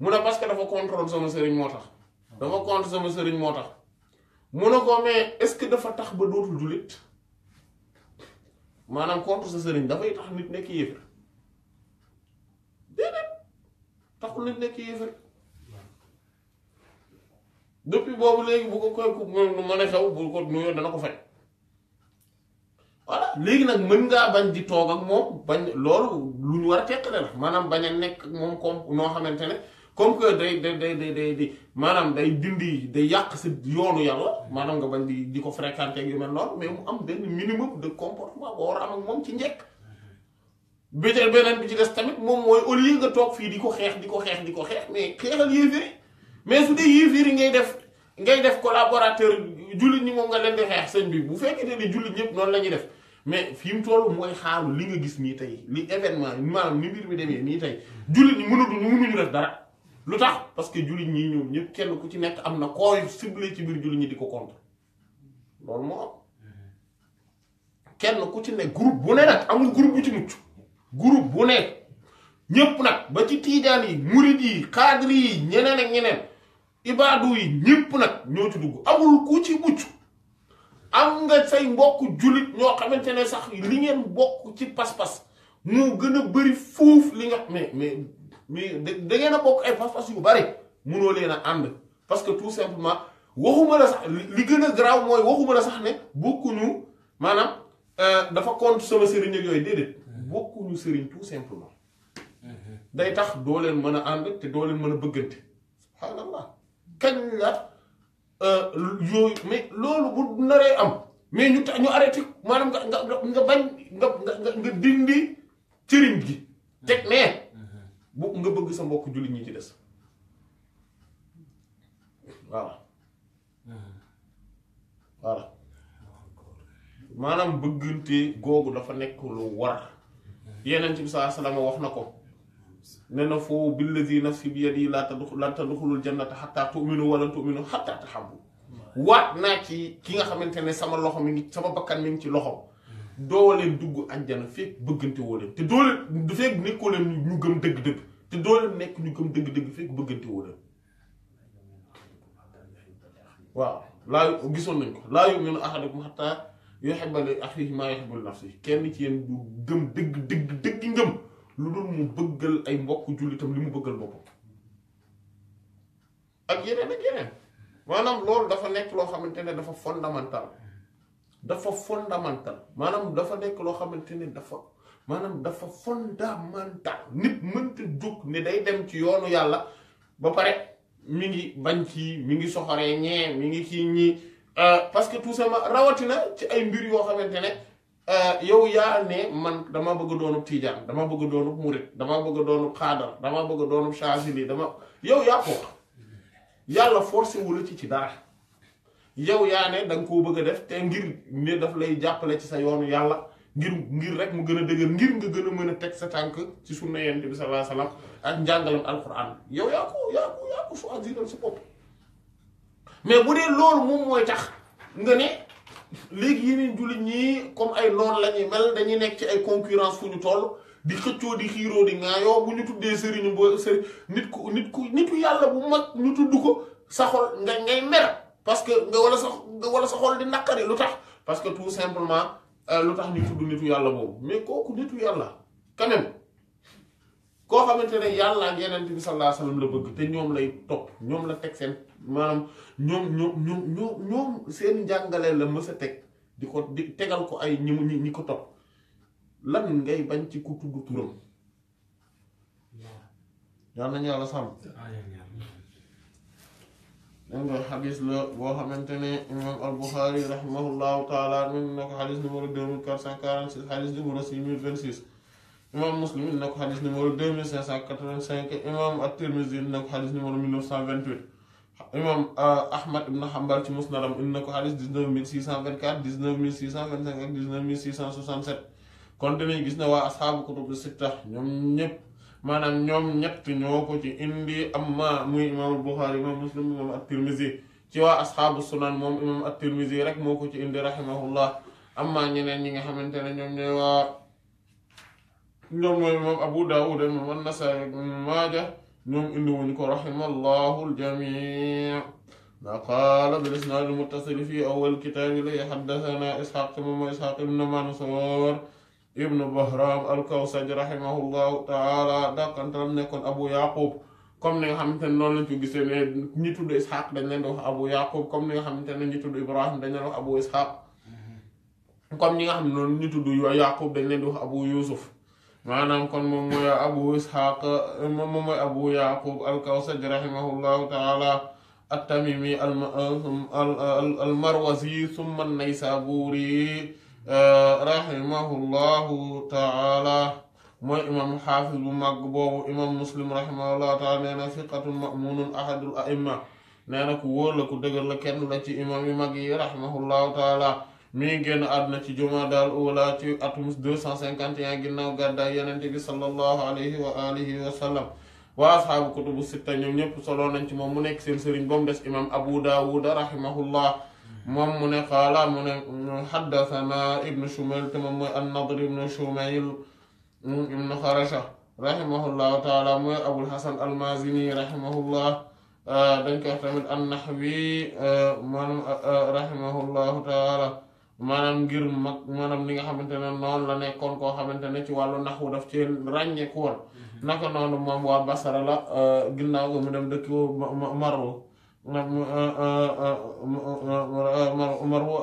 mu ne parce que dafa contrôle sama sëriñ moo tax dafa contre sama sëriñ moo tax mu ne ko mais est-ce que dafa tax ba dootul jullit maanaam contre sa sëriñ dafay tax nit nekk yéefar déedéet boobu léegi bu ko koy ku mën a xew bu ko nuyoo dana ko fay voilà léegi nag mën ngaa bañ di toog ak moom bañ loolu lu ñu war a teqale la maanaam bañ a nekk ak moom comme noo xamante ne comme que maanaam day dindi day yàq sa yoonu yàlla maanaam nga bañ di di ko fréquenter ak yu mel noonu mais mu am benn minimum de comportement boo war a am ak moom ci njëkk. bëccëg beneen bi ci des tamit moom mooy au lieu nga toog fii di ko xeex di ko xeex di ko xeex mais xeexal yéefiri mais su dee yéefiri ngay def. ngay def collaborateur jullit ñi moom nga leen xeex sëñ bi bu fekkee ni jullit ñëpp noonu la def mais fi mu toll mooy xaaru li nga gis nii tey li événement maanaam ni mbir mi demee nii tey jullit ñi mënatu mu mënuñu def dara lu tax parce que jullit ñi ñoom ñëpp kenn ku ci nekk am na kooy ciblé ci biir jullit ñi di ko contre loolu moo am kenn ku ci nekk group bu ne nag amul groupe bu ci mucc groupe bu ne ñëpp nag ba ci tiijaan yi murid yi cadre yi ñeneen ak ñeneen. ibaadu yi ñëpp nag ñoo ci dugg amul ku ci mucc am nga say mbokk jullit ñoo xamante ne sax li ngeen bokk ci pas-pas moo gën a bëri fuuf li nga mais mais mais da ngeen a bokk ay pas-pas yu leen a ànd parce que tout simplement waxuma la li gën a garaaw mooy waxuma la sax ne bokkuñu maanaam euh, dafa compte sama sëriñ ak yooyu déedéet bokkuñu sëriñ tout simplement mm-hmm. day tax doo leen mën a ànd te doo leen mën a bëggante subhaanallah kañ la euh, yooyu mais loolu bu naree am mais ñu ñu arrêté maanaam nga nga nga bañ nga nga dindi cëriñ gi teg mais bu nga bëgg sa mbokk jullit ñi ci des waaw voilà maanaam bëggante googu dafa nekk lu war yeneen ci bi sallallahu alayhi wax na ko ne na foofu billadi nafsi bi yadi laa tadxul laa tadxulul jannata xataa tu'minu wala tu'minu xataa ci ki nga xamante ne sama loxo mi ngi sama bakkan mi ngi ci loxo doo leen dugg àjjana fekk bëggante te doo leen fekk nekkoo leen ñu gëm dëgg-dëgg te doo leen nekk ñu gëm dëgg-dëgg fekk bëggante woo leen waaw laa gisoon nañ ko laa yu'minu ahadukum xataa yuhibba li axiihi maa yuhibbu li nafsihi kenn ci yéen du gëm dëgg dëgg dëgg ngëm lu dul mu bëggal ay mbokk jullitam li mu bëggal boppam ak yeneen ak yeneen maanaam loolu dafa nekk loo xamante ne dafa fondamental dafa fondamental maanaam dafa nekk loo xamante ne dafa maanaam dafa fondamental nit mënta jóg ni day dem ci yoonu yàlla ba pare mi ngi bañ kii mi ngi soxoree ñee mi ngi kii ñii euh, parce que tout rawatina ci ay mbir yoo xamante ne Euh, yow yaa ne man dama bëgg a doonub tiijaan damaa bëgg a doonub murit damaa bëgg a doonub xaadar dama bëgg a doonub chaazili dama yow yaa yàlla forcé wu ci ci dara yow yaa ne danga nga koo bëgg a def te ngir ne daf lay jàppale ci sa yoonu yàlla ngir ngir rek mu gën a dëgër ngir nga gën a mën a teg sa tànk ci sunna yonent bi sallallahu alayhi wasallam ak njàngalam alquran yow yaa ko yaa ko yaa ko choisir bopp mais bu dee loolu moom mooy tax nga ne. léegi yeneen jullit ñii comme ay noon la ñuy mel dañuy nekk ci ay concurrence fu ñu toll di xëccoo di xiiroo di ŋaayoo bu ñu tuddee sëriñu boo sëriñ nit ku nit ku nitu yàlla bu mag ñu tudd ko sa xol nga ngay mer parce que nga wala sa wala sa xol di naqari lu tax parce que tout simplement euh, lu tax ñu tudd nitu yàlla boobu mais kooku nitu yàlla quand koo xamante ne yàlla ak yeneen bi sallallahu alayhi wasallam la bëgg te ñoom lay topp ñoom la teg seen maanaam ñoom ñoom ñoom ñoom ñoom seen njàngale la mës a teg di ko di tegal ko ay ñi mu ñi ko topp lan ngay bañ ci ku tudd turam ah, yal nañu yàlla sàmm dégg nga xadis la boo xamante ne imam al-Bukhari rahimahullahu taala min na ko xadis numéro deux mille quatre cent quarante six xadis numéro six mille vingt six imam Muslim na ko xadis numéro deux mille cent quatre vingt cinq imam at na ko xadis numéro imam euh, ahmad ibn hanbal ci musnadam indi na ko xadis 19624 19625 ak 19667 kon dinañ gis ne waa asxaabu kutubu sitta ñoom ñëpp maanaam ñoom ñett ñoo ko ci indi amma muy imaamul buxaari imam muslim imam at-tirmisi ci waa asxaabu sunan moom imam at-tirmisi rek moo ko ci indi rahimahullah amma ñeneen ñi nga xamante ne ñoom ñooy waa ñoom mooy moom abu daawud moom an-nasaa'i maaja ñoom indi wuñ ko raximallahu aljamii ma qaala bil isnaad almuttasil fi awal kitaabi lay xaddathana isxaaq te moom isxaaq ibnu mansoor ibnu bahram alkawsaj raximahullahu taala dàqantalam nekkoon abu yaqub comme ni nga xamante ne noonu lañ ko gisee ne ñi tudd isxaq dañ leen di wax abu yaqub comme ni nga xamante ne ñi tudd ibrahim dañ leen wax abu isxaq comme ñi nga xam ne noonu ñi tudd yaqub dañ leen di wax abu yusuf manam kon mom moy abu ishaq mom moy abu yaqub al alkawsaj rahimahullahu taala at-tamimi al-marwazi thumma summa naysaburi rahimahullahu taala moy imam hafiz bu mag bobu imam muslim rahimahullahu taala nena na siqatun mamunun ahadul aimma nena na ku wóor la ku deugal la kenn la ci imam yu mag yi rahimahullahu taala mi ngi génn àdduna daal jumaadaal uula ci atum 251 ginnaaw gàddaay yenente bi sallallahu alayhi wa alihi wa sallam wa ashaabu kutubu sitta ñoom ñëpp solo nañ ci moom mu nekk seen sëriñ ba mu des imam abu daawuda rahimahullah moom mu ne qaala mu ne xaddathana ibnu shumayl te moom mooy annadr ibnu shumayl ibnu xarasha rahimahullahu taala mooy abul hasan almazini rahimahullah dañ ko wax tamit an nahwi maanaam rahimahullahu taala maanaam ngir mag maanaam li nga xamante ne noonu la nekkoon koo xamante ne ci wàllu naxwu daf ci ràññeeku woon naka noonu moom waa Basara la euh, ginnaaw ko mu dem dëkk Marwu Marwu euh, euh,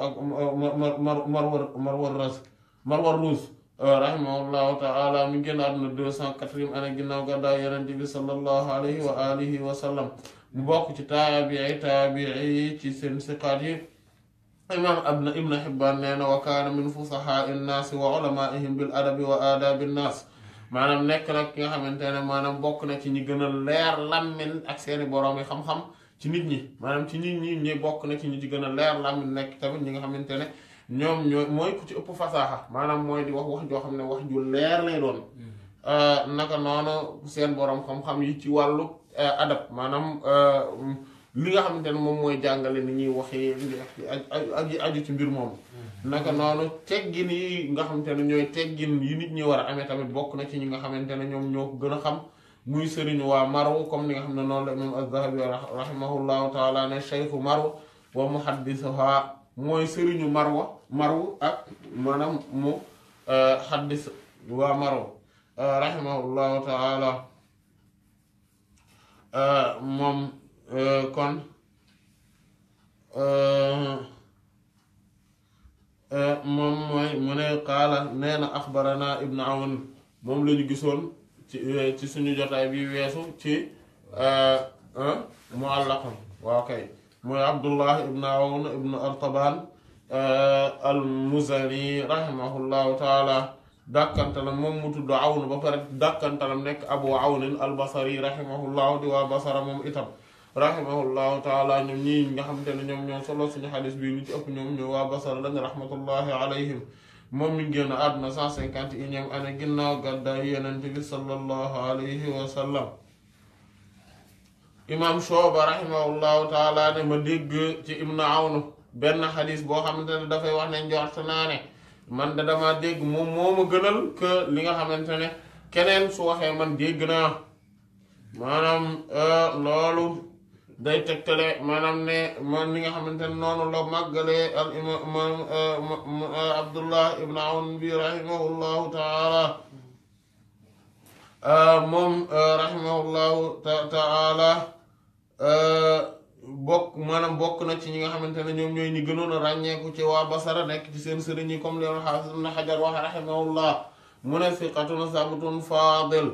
ak Marwar Marwar Ras Marwar Rus rahimahullahu taala mi génn àdduna deux cent quatrième année ginnaaw gàddaay Yonent bi sallallahu alayhi wa alihi wa sallam mu bokk ci taabii taabii ci seen siqaat yi imaam abna ibn xibbaan nee na wa kaana min fusahaa innaasi wa ulamaihim bil adabi wa aadaabi nnaas maanaam nekk nag ki nga xamante ne maanaam bokk na ci ñi gën a leer làmmin ak seeni boroom yi ci nit ñi maanaam ci nit ñi ñi bokk na ci ñi ci gën a leer làmmin nekk tamit ñi nga xamante ne ñoom ñooy mooy ku ci ëpp fasaaxa maanaam mooy di wax wax joo xam ne wax ju leer lay doon hmm. naka noonu seen borom xam-xam yi ci wàllu eh, adab maanaam eh, li nga xamante ne moom mooy jàngale ni ñuy waxee aju aju ci mbir moom mm-hmm. naka noonu teggin yi nga xamante ne ñooy teggin yi nit ñi war a amee tamit bokk na ci ñu nga xamante ne ñoom ñoo gën a xam muy sëriñu waa maru comme ni nga xam ne noonu la imam az-Zahabi rahimahullahu taala ne cheikhu maru wa muhaddisuha mooy sëriñu marwa maru ak maanaam mu xaddis euh, waa maru euh, rahimahullahu taala euh, moom kon moom mooy mu ne qaala nee na axbarana ibn awn moom la ñu gisoon ci ci suñu jotaay bi weesu ci muallaqam waaw kay mooy abdullah ibn awn ibn artaban almuzani rahimahullahu taala dàkkantalam moom mu tudd awn ba pare dàkkantalam nekk abu awnin albasari rahimahullahu di waa basara moom itam rahimahullahu taala ñoom ñii nga xamante ne ñoom ñoom solo suñu xadis bii lu ci ëpp ñoom ñoo waa Basra lañ rahmatullahi alayhim moom mi ngi génn àdduna cent cinquante et unième année ginnaaw gàddaay Yonent bi sallallahu alayhi wa sallam imaam Shooba rahimahullahu taala ne ma dégg ci Ibnu Awn benn xadis boo xamante ne dafay wax ne njort naa ne man da dama dégg moom moo ma gënal que li nga xamante ne keneen su waxee man dégg naa maanaam euh, loolu day tegtale maanaam ne man ni nga xamante ne noonu la màggalee al imam euh, euh, abdullah ibn awn bi rahimahullahu taala euh, moom rahimahullahu taala bokk maanaam bokk na ci ñi nga xamante ne ñoom ñooy ñi gënoon a ràññeeku ci waa basara nekk ci seen sëriñ yi comme li xaafis ibn xajar wax rahimahullah mu ne siqatun sabtun faadil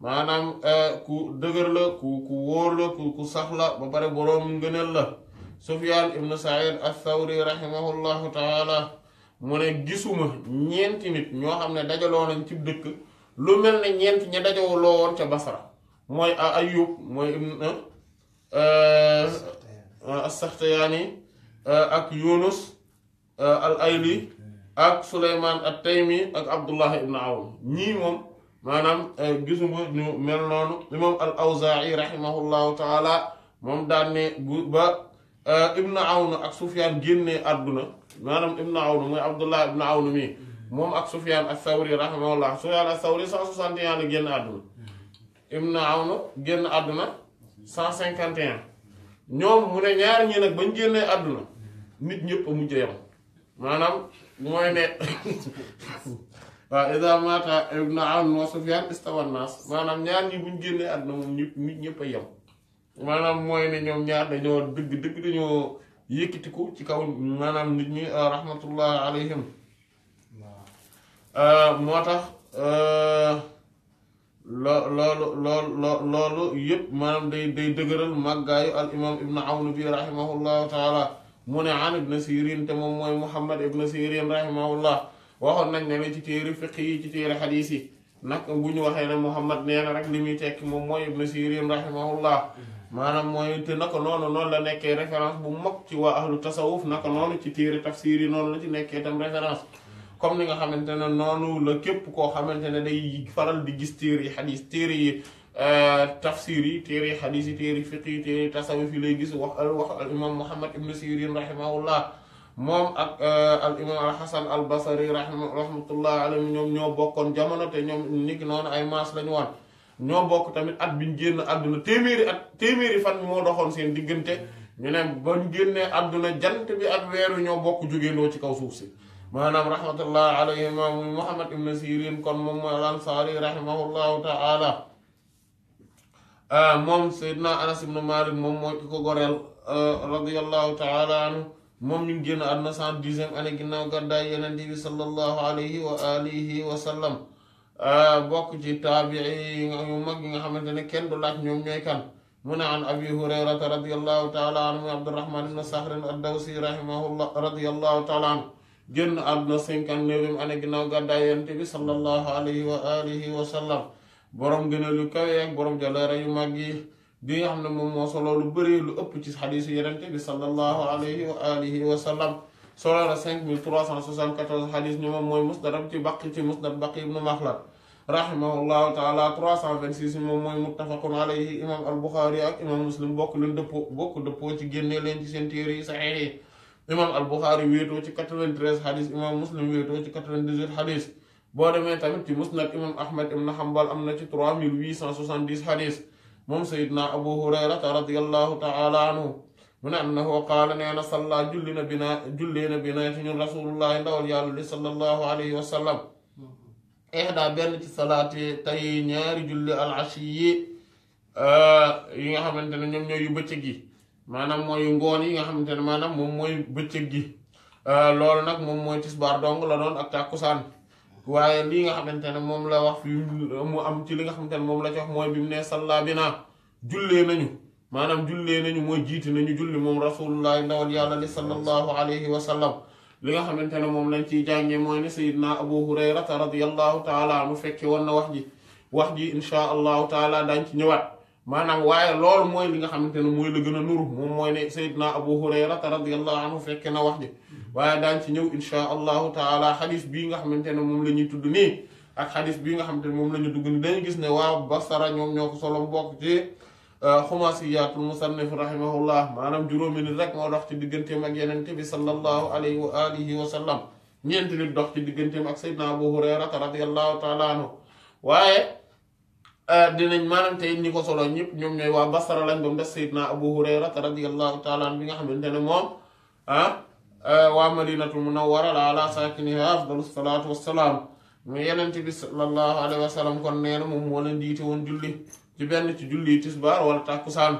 maanaam eh, ku dëgër la ku ku wóor la ku sax la ba pare boroom ngëneel la Sufyaan ibn Saïd ath-Thawri rahimahullahu taala mu ne gisuma ñeenti nit ñoo xam ne dajaloo nañ ci dëkk lu mel ne ñeent ña dajoo woon ca Basra mooy Ayyub mooy ibn eh, eh, as-Saxtiyaani ak Yunus al-Ayli ak Suleymaan at-Taymi ak Abdullah ibn Awn ñii moom manam gisuma ñu mel non imam al awzai rahimahullahu taala mom daane ba ibnu awn ak sufyan genné aduna manam ibnu awn moy abdullah ibnu awn mi mom ak sufyan as sawri rahimahullahu sufyan as sawri cent soixante et un ibnu awn genné aduna 151 ñom mu ne ñaar ñi nak bañu génnee aduna nit ñepp a jëyam manam moy mooy ne waaw iza mata ibn Aun wa Sufyan maanaam ñaar ñi buñ génnee àdduna moom ñëpp nit ñëpp a maanaam mooy ne ñoom ñaar dañoo dëgg dëgg dañoo yëkkatiku ci kaw maanaam nit ñi euh, rahmatullahi alayhim euh, moo tax euh, loo loolu loo loolu yëpp maanaam day day dëgëral màggaayu al imam ibn Aun bi rahimahullahu taala mu ne an ibn Sirin te moom mooy Muhammad ibn Sirin rahimahullah waxoon nañ ne ne ci téere fiq yi ci téere xadiis yi nag bu ñu waxee ne Muhammad nee na rek li muy tekki moom mooy Ibn Sirin rahimahullah maanaam mooy te naka noonu noonu la nekkee référence bu mag ci waa ahlu tasawuf naka noonu ci téere tafsir yi noonu la ci nekkee tam référence comme ni nga xamante ne noonu la képp koo xamante ne day faral di gis téere yi xadis euh, yi téere yi xadis yi téere yi fiq yi téere yi yi lay gis wax al wax al imam Muhammad Ibn Sirin rahimahullah mom ak eh, al imam al hasan al basri rahmatullah alayhi ñom ñoo bokkon jamono te ñom nit non ay mass lañu won ñoo bokk tamit at biñu genn aduna téméré at téméré fan mo doxon seen digënté ñu né bañ genné aduna jant bi ak wéru ñoo bokk no ci kaw suuf ci manam rahmatullah alayhi moom muhammad ibn sirin kon mom al ansari Rahmatullah taala eh, mom seydna anas ibn malik mom mo ko gorel eh, radiyallahu taala anhu moom ñu ngi génn àdduna cent dixième année ginnaaw gàddaay yonent sallallahu alayhi wa alihi wa sallam ah, bokk ci yu mag nga xamante ne kenn du laat ñoom ñooy kan mu ne an abi hurayrata radiallahu taala anhu abdurahman ibn sahrin addawsi rahimahullah radiallahu taala anhu génn àdduna cinquante-neuvième année ginnaaw gàddaay yonent bi sallallahu alayhi wa alihi wa sallam borom gëneel yu kawe borom jaloore yu mag bi nga xam ne moom moo solo lu bëree lu ëpp ci xadiisu yenente bi sallallahu alayhi wa alihi wa sallam solo la 5374 xadiis ñu moom mooy musnadam ci baqi ci musnad baqi ibnu maxlad rahimahullahu taala 326 moom mooy muttafaqun alayhi imam al buxaari ak imam muslim bokk leen dëppoo bokk dëppoo ci génnee leen ci seen téere yi saxiix yi imam al buxaari wéetoo ci 93 xadiis imam muslim wéetoo ci boo demee tamit ci musnad imam ahmad ibn hanbal am na ci 3870 xadiis moom sayidna abu hurayrata radiallahu taala anhu mu ne annahu qaala nee na salla julli na binaa jullee na binaa ci ñun rasulullahi ndawal yàlla li sallallahu alayhi tey ñaari julli al ashi eh, yi nga xamante ne ñoom ñooy yu bëccëg yi maanaam mooy ngoon yi nga xamante ne maanaam moom mooy bëccëg gi eh, loolu nag moom mooy tisbaar dong la doon ak tàkkusaan waye li nga xamantene mom la wax fi mu am ci li nga xamantene mom la ci wax moy bimu ne salla bi naa nañu manam julle nañu moy jiti nañu julli mom rasulullah ndawal yàlla li sallallahu alayhi wa sallam li nga xamantene mom lañ ci jànge moy ni sayidna abu hurayra radiyallahu taala mu fekke won na wax ji wax ji inchaa allahu taala dañ ci ñëwaat maanaam waaye loolu mooy li nga xamante ne mooy la gën a nuru moom mooy ne Seydina Abu Hurayrata radiyallahu anhu fekke na wax ji waaye daan ci ñëw insha allahu taala xadis bii nga xamante ne moom la ñuy tudd nii ak xadis bii nga xamante ne moom la ñu dugg nii dañu gis ne waa Basara ñoom ñoo ko solo bokk ci euh, xumaasiyaatul musannif rahimahullah maanaam juróomi nit rek moo dox ci digganteem ak yenente bi sallallahu alayhi wa alihi wa sallam ñeenti nit dox ci digganteem ak Seydina Abu Hurayrata radiyallahu taala anhu waaye Euh, dinañ maanaam tey ñi ko solo ñëpp ñoom ñooy waa Basra lañ ba mu des Abu Hurayrata radiyallahu taala bi nga xamante ne moom ah euh, waa Madinatul Munawwara la ala saakiniha afdalu salaatu wassalaam mu yenente bi sallallahu alayhi wa sallam kon nee na moom moo leen diite woon julli ci benn ci julli tisbaar wala tàkkusaan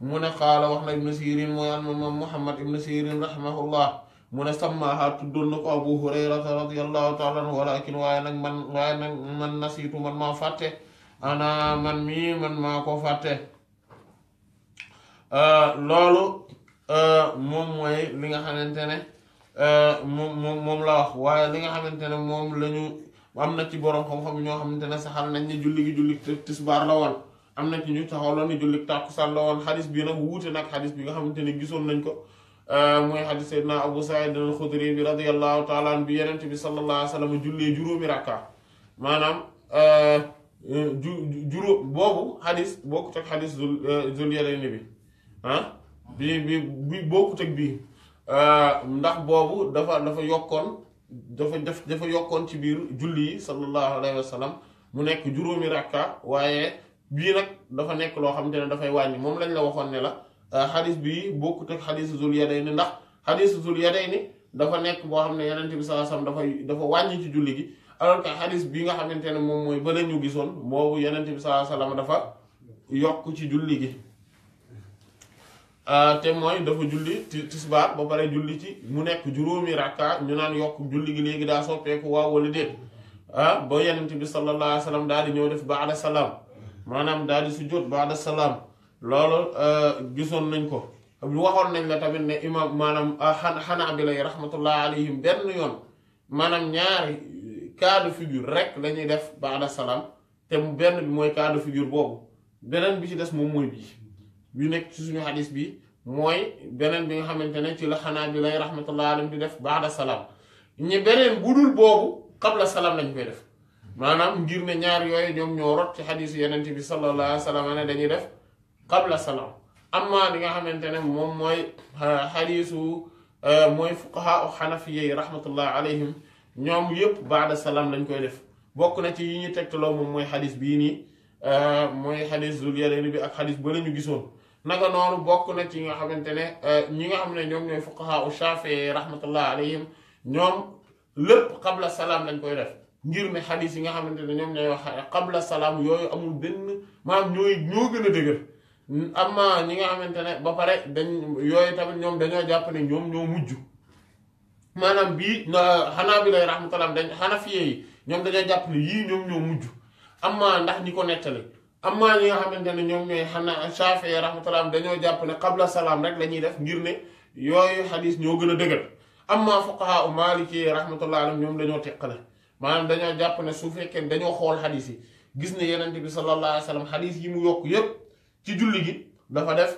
mu ne xaala wax na ibnu Sirin mooy almamam Muhammad ibnu Sirin rahimahullah mu ne sàmmaaha tuddoon na ko Abu Hurayrata radiyallahu taala ana man mii man maa ko fàtte euh, loolu euh, moom mooy li nga xamante ne euh, moom moom moom la wax waaye li nga xamante ne moom lañu am na ci borom xam-xam ñoo xamante ne saxal nañ ne julli gi julli tisbaar la woon am na ci ñu taxawloo ne julli tàkkusaan la woon xadis bi nag wuute nag xadis bi nga xamante ne gisoon nañ ko mooy xadis Seydina Abu Saïd al-Xudri bi radiyallahu taala an bi yeneen bi sallallahu alayhi wa sallam jullee juróomi rakka maanaam ju juróom boobu xadis bokkut ak xadis zul euh, zul yalayni bi ah? bi bi bi bokkut ak bii euh, ndax boobu dafa dafa yokkoon dafa def dafa yokkoon ci biir julli yi sallallahu alayhi wa mu nekk juróomi rakka waaye bii nag dafa nekk loo xamante ne dafay wàññi moom lañ la waxoon ne la euh, xadis bii bokkut ak xadis zul yalayni ndax xadis zul yalayni dafa nekk boo xam ne yonent bi sallallahu alayhi wa sallam dafa dafa wàññi ci julli gi. alors que xadis bi nga xamante ne moom mooy ba la ñu gisoon boobu yonent bi sallallahu alayhi dafa yokk ci julli gi euh, te mooy dafa julli tisbaar ba pare julli ci mu nekk juróomi rakka ñu naan yokk julli gi léegi daa soppeeku waaw wala déet ah ba yonent bi sallallahu alayhi wasallam daal di ñëw def ba'da salaam maanaam daal di sujjóot ba'da salaam loolu euh, gisoon nañ ko waxoon nañ la tamit ne imaam maanaam xanaa bi lay rahmatullah alayhim benn yoon maanaam ñaari. cas de rek lañuy def baada salaam te benn bi mooy cas de boobu beneen bi ci des moom mooy bii bi nekk ci suñu xadis bi mooy beneen bi nga xamante ne ci la xanaa bi lay rahmatullah alayhi di def baada salaam ñi beneen bu boobu qabla salaam lañ koy def maanaam ngir ne ñaar yooyu ñoom ñoo ci xadis yeneen bi sallallahu alayhi wa sallam ne dañuy def qabla salaam amma li nga xamante ne moom mooy xadisu euh, euh, mooy fuqaha u xanafiya yi rahmatullah alayhim ñoom yépp baada salaam lañ koy def bokk na ci yi ñu tegtaloo moom mooy xadis bii nii euh, mooy xadis zul yareeni bi ak xadis ba la ñu gisoon naka noonu bokk na ci nga xamante ne euh, ñi nga xam ne ñoom ñooy fuqaha u shafii rahmatullah alayhim ñoom lépp qabla salaam lañ koy def ngir ne yi nga xamante ne ñoom ñooy wax qabla salaam yooyu amul benn maam ñooy ñoo gën a ñi nga xamante ne ba pare dañ yooyu tamit ñoom dañoo jàpp ne ñoom ñoo mujj maanaam bii xanaa bi lay rahmatullah dañ xanafiye yi ñoom dañoo jàpp ne yii ñoom ñoo mujj maa ndax ñi ko nettali amaa ñi nga xamante ne ñoom ñooy xanaa saafee rahmatullah dañoo jàpp ne salaam rek la def ngir ne yooyu xadis ñoo gën a dëgër amaa fuqaha u maliki rahmatullah alam ñoom dañoo teqale maanaam dañoo jàpp ne su fekkee dañoo xool xadis yi gis ne yenent bi sallallahu alayhi wa sallam yi mu yokk yépp ci julli gi dafa def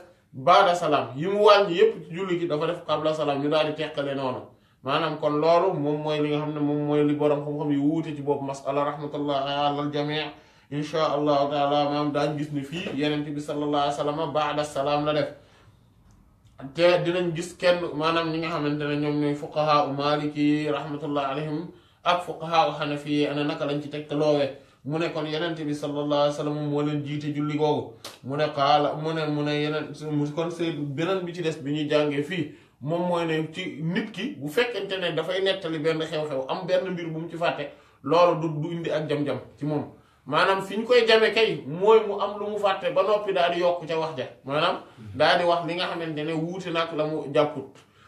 baada salaam yi mu wàññi yépp ci julli gi dafa def qabla salaam ñu daal di teqale noonu maanaam kon loolu moom mooy li nga xam ne moom mooy li borom xam-xam yi wuute ci bopp masala rahmatullah alal jamii insha allahu taala maanaam daañ gis ni fii yenent bi sallallahu alayhi wa sallam baada salaam la def te dinañ gis kenn maanaam ñi nga xamante ne ñoom ñooy fuqahaa u maliki rahmatullah alayhim ak fuqahaa u xanafi ana naka lañ ci teg te mu ne kon yenente bi sallallahu alayhi wa sallam moo leen jiite julli googu mu ne xaala mu ne mu ne yeneen kon sëy beneen bi ci des bi ñuy jàngee fii moom mooy ne ci nit ki bu fekkente ne dafay nettali benn xew-xew am benn mbir bu mu ci fàtte loolu du du indi ak jam-jam ci moom maanaam fi ñu koy jame kay mooy mu am lu mu fàtte ba noppi daal di yokk ca wax ja maanaam daal di wax li nga xamante ne wuute nag la mu jàpput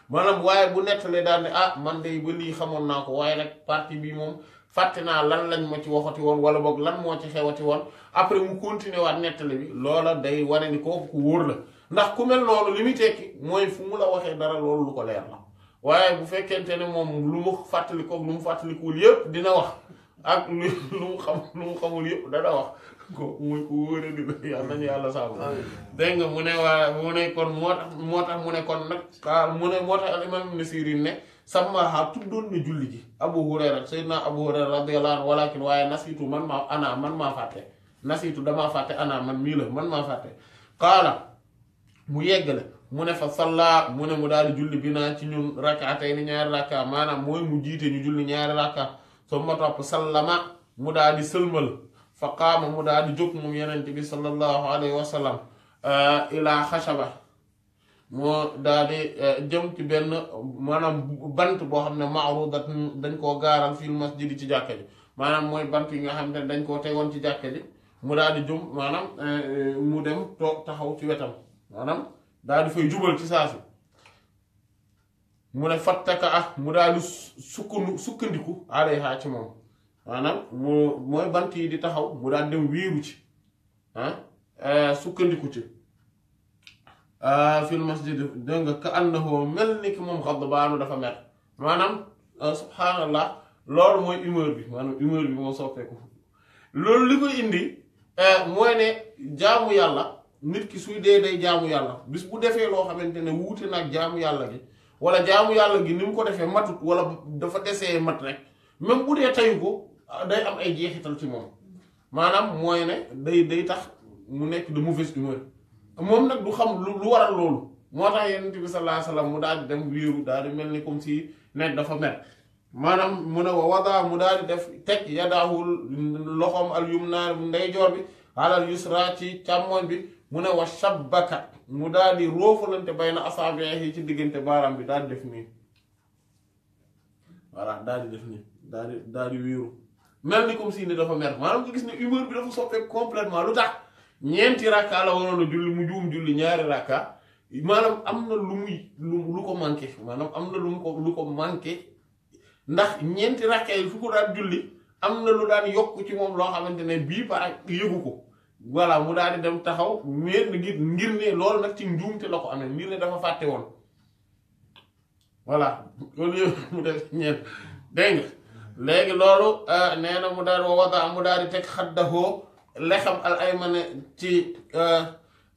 maanaam waaye bu nettalee daal ne ah man de ba lii xamoon naa ko waaye nag partie bi moom fàtte naa lan lañ ma ci waxati woon wala boog lan moo ci xewati woon après mu continuer waat nettali bi loola day wane ni kooku ku wóor la ndax ku mel loolu li muy tekki mooy fu mu la waxee dara loolu lu ko leer la waaye bu fekkente ne moom lu mu fàttalikoog lu fàttalikuwul yépp dina wax ak lu mu xam lu mu xamul yépp dana wax ko muy ku wóore di la yàlla nañu yàlla saabu dégg nga mu ne waa mu ne kon moo tax moo tax mu ne kon nag mu ne moo tax al imam Ibn Sirin sàmmaaha tuddoon na julli ji abu hurayra sayyidina abu hurayra radiyallahu anhu walakin waaye nasiitu man maa ana man maa fàtte nasiitu damaa fàtte ana man mii la man maa fàtte qaala mu yeggale mu ne fa salla mu ne mu daal di julli bi naa ci ñun rakaatay ni ñaari rakka maanaam mooy mu jiite ñu julli ñaari rakka soo ma topp sallama mu daal di sëlmal fa qaama mu daal di jóg moom yenente bi sallallahu alayhi wa sallam euh, ilaa xashaba moo daal di eh, jëm ci benn maanaam bant boo xam ne maarudat dañ koo gaaral fil masjid ci jàkka ji maanaam mooy bant yi nga xam ne dañ koo tegoon ci jàkka ji mu daal di jëm maanaam eh, mu dem toog taxaw ci wetam maanaam daal di fay jubal ci saa si mu ne fattaka ah mu daal di sukkandu sukkandiku alayha ci moom maanaam mu mooy bant yi di taxaw mu daal dem wéeru ci ah eh, sukkandiku ci Euh, fil masjid dégg nga ka annahu mel ni ki moom xadbaanu dafa mer maanaam euh, subhaanallah loolu mooy humeur bi maanaam humeur bi moo soppeeku loolu li koy indi euh, mooy ne jaamu yàlla nit ki suy dee day jaamu yàlla bis bu defee loo xamante ne wuute ak jaamu yàlla gi wala jaamu yàlla gi ni mu ko defee matut wala dafa desee mat rek même bu dee tayu ko day am ay jeexital ci moom maanaam mooy ne day day tax mu nekk de mauvaise humeur moom nag du xam lu waral loolu moo tax yonent bi sallallahu alayhi wa sallam mu daal di dem wéeru daal di mel ni si dafa mer maanaam mu ne wa wadaa mu daal di def teg yadaahu loxoom al naar yumna ndeyjoor bi alal yusra ci càmmoñ bi mu ne wa shabbaka mu daal di roofalante bayna asaabihi ci diggante baaraam bi daal di def nii voilà daal di def nii daal di daal di wéeru mel ni comme si ne dafa mer maanaam nga gis ne humeur bi dafa soppeeku complètement lu tax. ñeenti rakka la waroon a julli mu juum julli ñaari rakka maanaam am na lu muy lu ko manqué maanaam am na lu mu ko lu ko manqué ndax ñeenti rakka yi fu ko daan julli am na lu daan yokk ci moom loo xamante ne bii par yëgu ko voilà mu daal di dem taxaw mais ngir ngir ne loolu nag ci njuumte la ko amee ngir ne dama fàtte woon voilà loolu yëpp mu def ñeent dégg nga léegi loolu euh, nee na mu daal di mu daal di teg xaddahoo lexam ay aymane ci euh,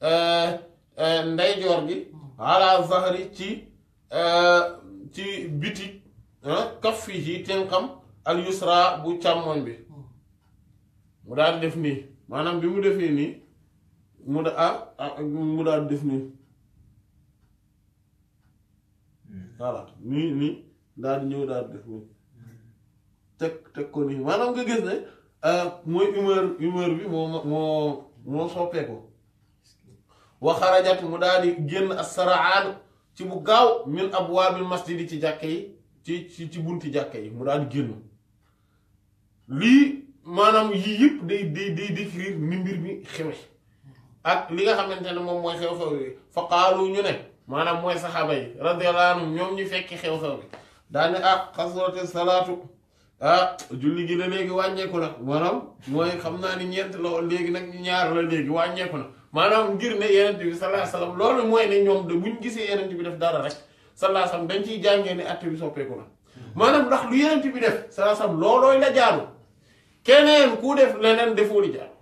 euh, euh, ndeyjoor gi ala zahri ci ci biti kaffihi tenqam al yusra bu càmmoñ bi mu daal def nii maanaam bi mu defee nii mu da ah, ah mu daal def nii voilà nii nii daal ñëw daal def nii teg teg ko nii maanaam nga gis ne Euh, mooy humeur humeur bi moo moo moo ko wa xarajat mu daal di génn asaraan ci bu gaaw min abwaabil masjidi ci jàkke yi ci ci ci bunti jàkke yi mu daal di génn lii maanaam yii yëpp day day day décrire ni mbir mi xewe ak li nga xamante ne moom mooy xew-xew bi fa qaalu ñu ne maanaam mooy saxaaba yi radiyallahu ñoom ñu fekki xew-xew bi daane ah xasrate salaatu ah julli gi na léegi wàññeeku na maanaam mooy xam naa ni ñeent la woon léegi nag ñaar la léegi wàññeeku na maanaam ngir ne yeneen bi sallallahu alayhi wasallam loolu mooy ne ñoom de buñ gisee yenent bi def dara rek sallallahu alayhi wasallam dañ ciy jàngee ne atte bi soppeeku maanaam ndax lu yenent bi def sallallahu loolooy la jaaru keneen ku def leneen defoo li jaaru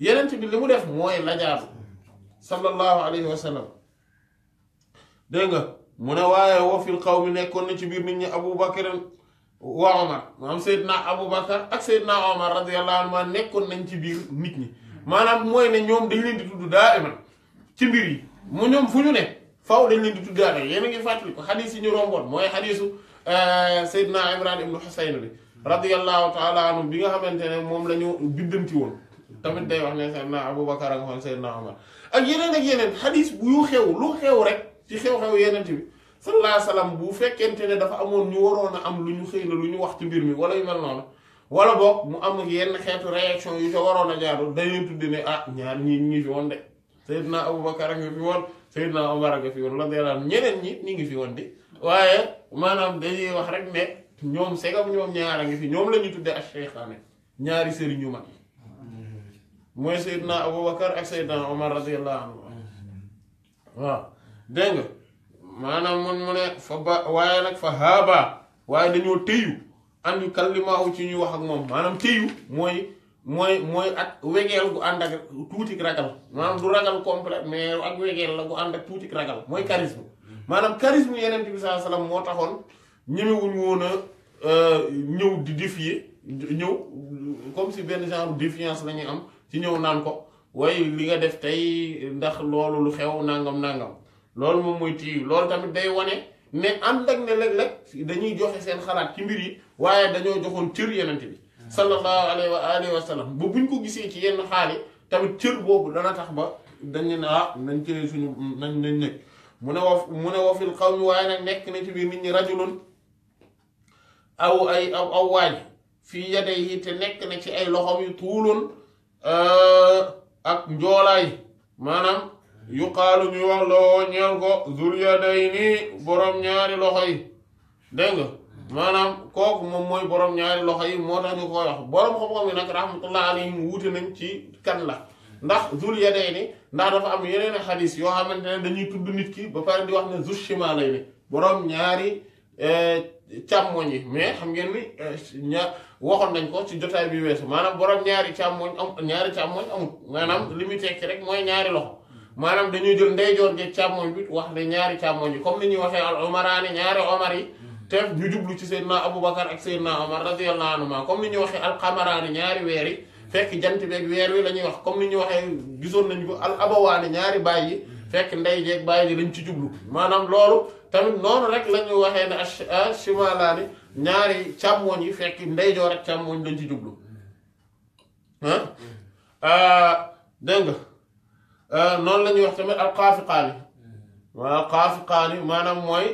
yenent bi li mu def mooy la jaaru sallallahu alayhi wasallam nga mu ne waaye wa fil qawmi nekkoon na ci biir nit ñi Abu Bakr wa Omar maanaam Seydina Aboubacar ak Seydina Omar radiyallahu anhuma nekkoon nañ ci biir nit ñi maanaam mooy ne ñoom dañ leen di ci mbir yi mu ñoom fu ñu ne faw dañ leen yéen a ngi fàttali ko xadis yi ñu romboon mooy xadisu euh, Seydina Imran ibnu Xusayn bi radiyallahu taala anhu nga xamante ne moom la ñu biddanti woon tamit day wax ne Seydina Aboubacar ak Seydina Omar ak yeneen ak yeneen xadis bu yu xew lu xew rek ci xew-xew yeneen bi sallallahu alayhi bu fekkente ne dafa amoon ñu waroon a am lu ñu xëy na lu ñu wax ci mbir mi wala yu mel noonu wala boog mu am yenn xeetu réaction yi ca waroon a jaaru dañuy tudde ne ah ñaar ñii ñi fi woon de Seydina Aboubacar a ngi fi woon Seydina Omar a ngi fi la deelaan ñeneen ñi ñi ngi fi woon di waaye maanaam dañuy wax rek ne ñoom segam ñoom ñaar a ngi fi ñoom la ñu tuddee ak cheikhaane ñaari sëriñ yu mag mooy Seydina Aboubacar ak Seydina Omar radiyallahu anhu waaw dégg nga maanaam mun mu ne fa ba waaye nag fa haaba waaye dañoo téyu an yu ci ñuy wax ak moom maanaam téyu mooy mooy mooy ak wegeel gu ànd ak tuuti ragal maanaam du ragal complet mais ak la gu ànd tuuti ragal mooy charisme maanaam charisme yeneen bi sallallahu alayhi wasallam moo taxoon ñemewuñ woon a euh, ñëw di défier ñëw comme si benn genre défiance la am ci ñëw naan ko waaye li nga def tey ndax loolu lu xew nangam nangam. loolu mom moy téye loolu tamit day woné ne ànd ak ne lek leeg dañuy joxe seen xalaat ci mbir yi waye dañoo joxone ciir yeneen bi sallallahu alayhi wa alihi wa sallam bu buñ ko gisé ci yenn xali tamit ciir bobu dana tax ba dañ ne ah nañ ci suñu nañ nañ nek muné wa muné wa fil qawm waaye nag nek na ci bi nit ñi rajulun aw ay aw aw fi yadayhi te nek na ci ay loxom yu tulun euh ak njoolaay manam yuqaalu ñu wax loo ñeel ko zul yadayni borom ñaari loxo yi dégg nga maanaam kooku moom mooy borom ñaari loxo yi moo tax ñu koy wax borom xam-xam yi nag rahmatullah alayhim wuute nañ ci kan la ndax zul yadayni ndax dafa am yeneen xadis yoo xamante ne dañuy tudd nit ki ba pare di wax ne zul shimalayni borom ñaari eh, càmmoñ yi mais xam ngeen ni eh, ña waxoon nañ ko ci jotaay bi weesu maanaam borom ñaari càmmoñ am ñaari càmmoñ amul maanaam li muy tekki rek mooy ñaari loxo. maanaam dañuy jël ndeyjoor gi càmmoñ bi wax ne ñaari càmmoñ bi comme ni ñuy waxee al omaraani ñaari omar yi te ñu jublu ci Seydina Aboubacar ak Seydina Omar radiyallahu anhuma comme ni ñu waxee al qamaraani ñaari weer yi fekk jant beeg weer wi la wax comme ni ñu waxee gisoon nañ ko al abawaani ñaari baay yi fekk ndey jeeg baay ji lañ ci jublu maanaam loolu tamit noonu rek la ñuy waxee ne ah shimalaani ñaari càmmoñ yi fekk ndeyjoor ak càmmoñ lañ ci jublu euh, dégg nga non la wax tamit al qafiqani wa qafiqani manam moy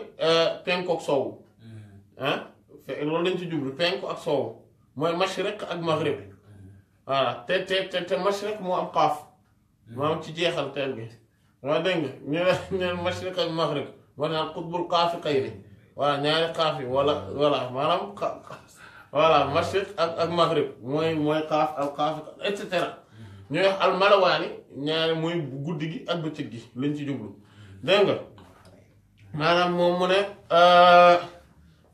penku ak sowwu ah non lañ ci djublu penku ak sow moy mashriq ak maghrib wa te te te te mashriq mo am qaf mo am ci jeexal tel bi wa deng ñu ñu ne mashriq ak maghrib war naan xutbul xaafiqayni voilà ñaari xaaf yi wala voilà maanaam voilà mashriq ak maghrib moy moy qaf al qafiq et cetera ñooy wax almalawaani ñaar muy guddi gi ak bëccëg gi lañ ci jublu dégg nga maanaam moom mu ne euh,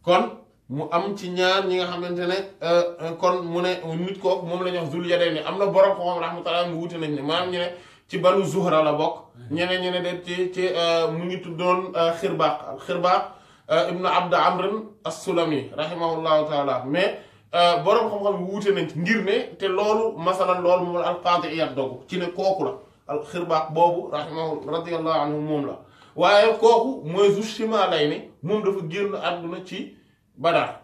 kon mu am ci ñaar ñi nga xamante ne euh, kon mu ne nit kook moom la wax zul yadayni am na borom ko xam rahmatullah mu wuti nañ ne maanaam ñu ne ci banu zuhra la bokk ñeneen ñene de ci ci euh, mu ngi tuddoon xirbaax xirbaax ibnu abd amrin as-sulami rahimahullahu taala mais Euh, boroom xam-xam wuute nañ ci ngir ne te loolu masalan loolu moom la alqaadi ci kooku la al xirbaax boobu rahimahu radiyallahu anhu moom la waaye kooku mooy justement lay ne moom dafa génn àdduna ci Badar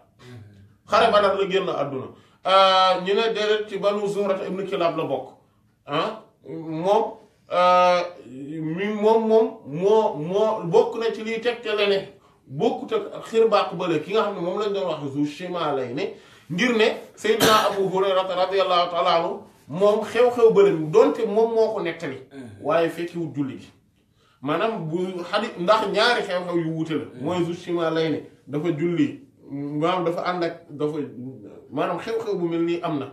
xare Badar la génn àdduna euh, ñu ne déedéet ci banu Zurat ibn Kilab la bokk ah moom euh, mi moom moom moo moo bokk na ci liy tegtale ne bokkut ak xirbaax bële ki nga xam ne moom lañ doon wax justement lay ne ngir ne Seydina Abu Hurayra radiyallahu taala anhu moom xew-xew bële donte moom moo ko nettali mm-hmm. waaye fekkiwut julli gi maanaam bu xadi ndax ñaari xew-xew yu wuute la mm-hmm. mooy justement lay ne dafa julli maanaam dafa ànd ak dafa maanaam xew-xew bu mel nii am na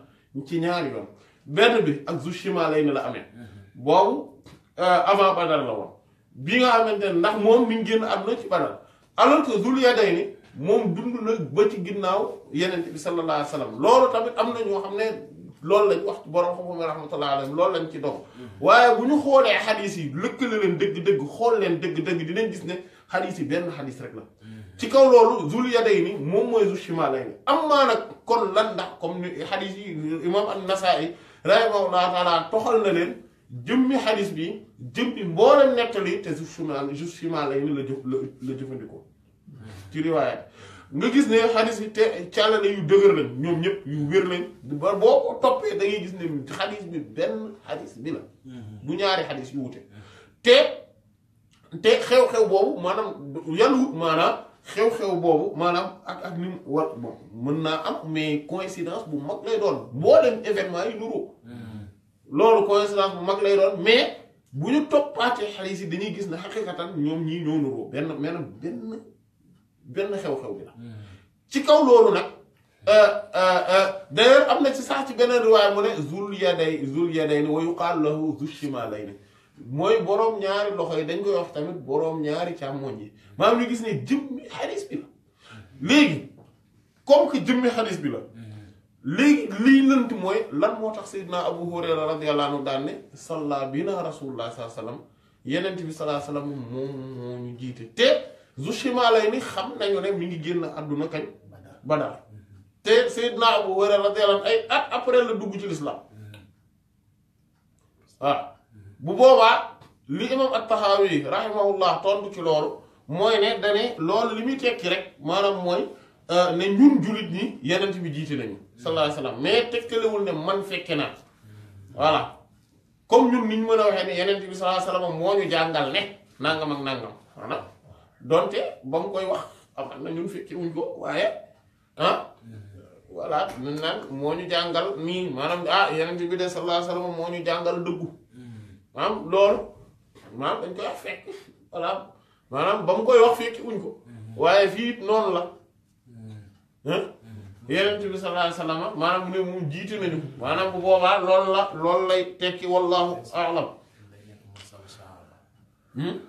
ci ñaari yoon benn bi ak justement lay ne la amee mm-hmm. boobu euh, avant Badar la woon bi nga xamante ne ndax moom mi ngi génn àdduna ci Badar alors que Zul Yadayni moom dund la ba ci ginnaaw yeneen bi sallallahu alayhi loolu tamit am na ñoo xam ne loolu lañ wax ci borom xam-xam rahmatullahi alayhi loolu lañ ci dox mm-hmm. waaye bu ñu xoolee xadis yi lëkkale leen dëgg-dëgg xool leen dëgg-dëgg dinañ gis ne xadis yi benn xadis rek la. Mm-hmm. ci kaw loolu zul yadayni moom mooy zul am ammaa nag kon lan ndax comme ni xadis yi imam an-Nasaa'i rahimahullahu taala toxal na leen jëmmi xadis bi jëmmi mboolem nettali te zul shimalayni la jëf la jëfandikoo. ci riwaaya nga gis ne xadis bi te càllale yu dëgër lañ ñoom ñëpp yu wér lañ ba boo ko toppee da ngay gis ne xadis bi benn xadis bi la bu mm-hmm. ñaari xadis yu wute te te xew-xew boobu maanaam yàllu maanaam xew-xew boobu maanaam ak ak ni mu war mën naa am mais coïncidence bu mag lay doon mboolem événement yi nuroo mm-hmm. loolu coïncidence bu mag lay doon mais bu ñu toppaatee xalis yi dañuy gis ne xaqiqatan ñoom ñii ñoo nuroo benn benn benn benn xew-xew bi la ci kaw loolu nag d'ailleurs am na ci sax ci beneen riwaay mu ne zul yaday zul yaday ni wa yuqaalu lahu zu shimalayni mooy boroom ñaari loxo yi dañ koy wax tamit boroom ñaari càmmoñ yi maanaam ñu gis ne jëmmi xadis bi la comme que jëmmi xadis bi la léegi lii lënt mooy lan moo sayyidina abu hurayra radiyallahu anhu salla bina rasulullah sallallahu alayhi wa sallam sallallahu alayhi wa sallam ñu jiite zu Shimalayni xam nañu ne mi ngi génn àdduna kañ Badar te Seydina Abu Hurayra radiyallahu anhu ay at après la dugg ci l'islam waaw mm. ah. bu boobaa li imam at-Tahawi rahimahullah tontu ci loolu mooy ne dane loolu li muy tekki rek maanaam mooy euh, ne ñun jullit ñi yenent bi jiite nañu salaa alayhi wasallam mais tegtalewul ne man fekke naa voilà comme ñun niñ mën a waxee ne yenent bi sallallahu alayhi wasallam moo ñu jàngal ne nangam ak nangam donte ba mu koy wax am na ñun fekki wuñ ko waaye ah voilà moo ñu jàngal nii maanaam ah yeneen bi de salaa alayhi moo ñu jàngal dëggu maanaam loolu dañ koy wax maanaam ba mu koy wax fekki wuñ ko waaye fii noonu la yeneen bi salaa alayhi wa sallam maanaam mu ne moom jiite nañu maanaam bu boobaa loolu la loolu lay tekki wallahu a'lam hmm?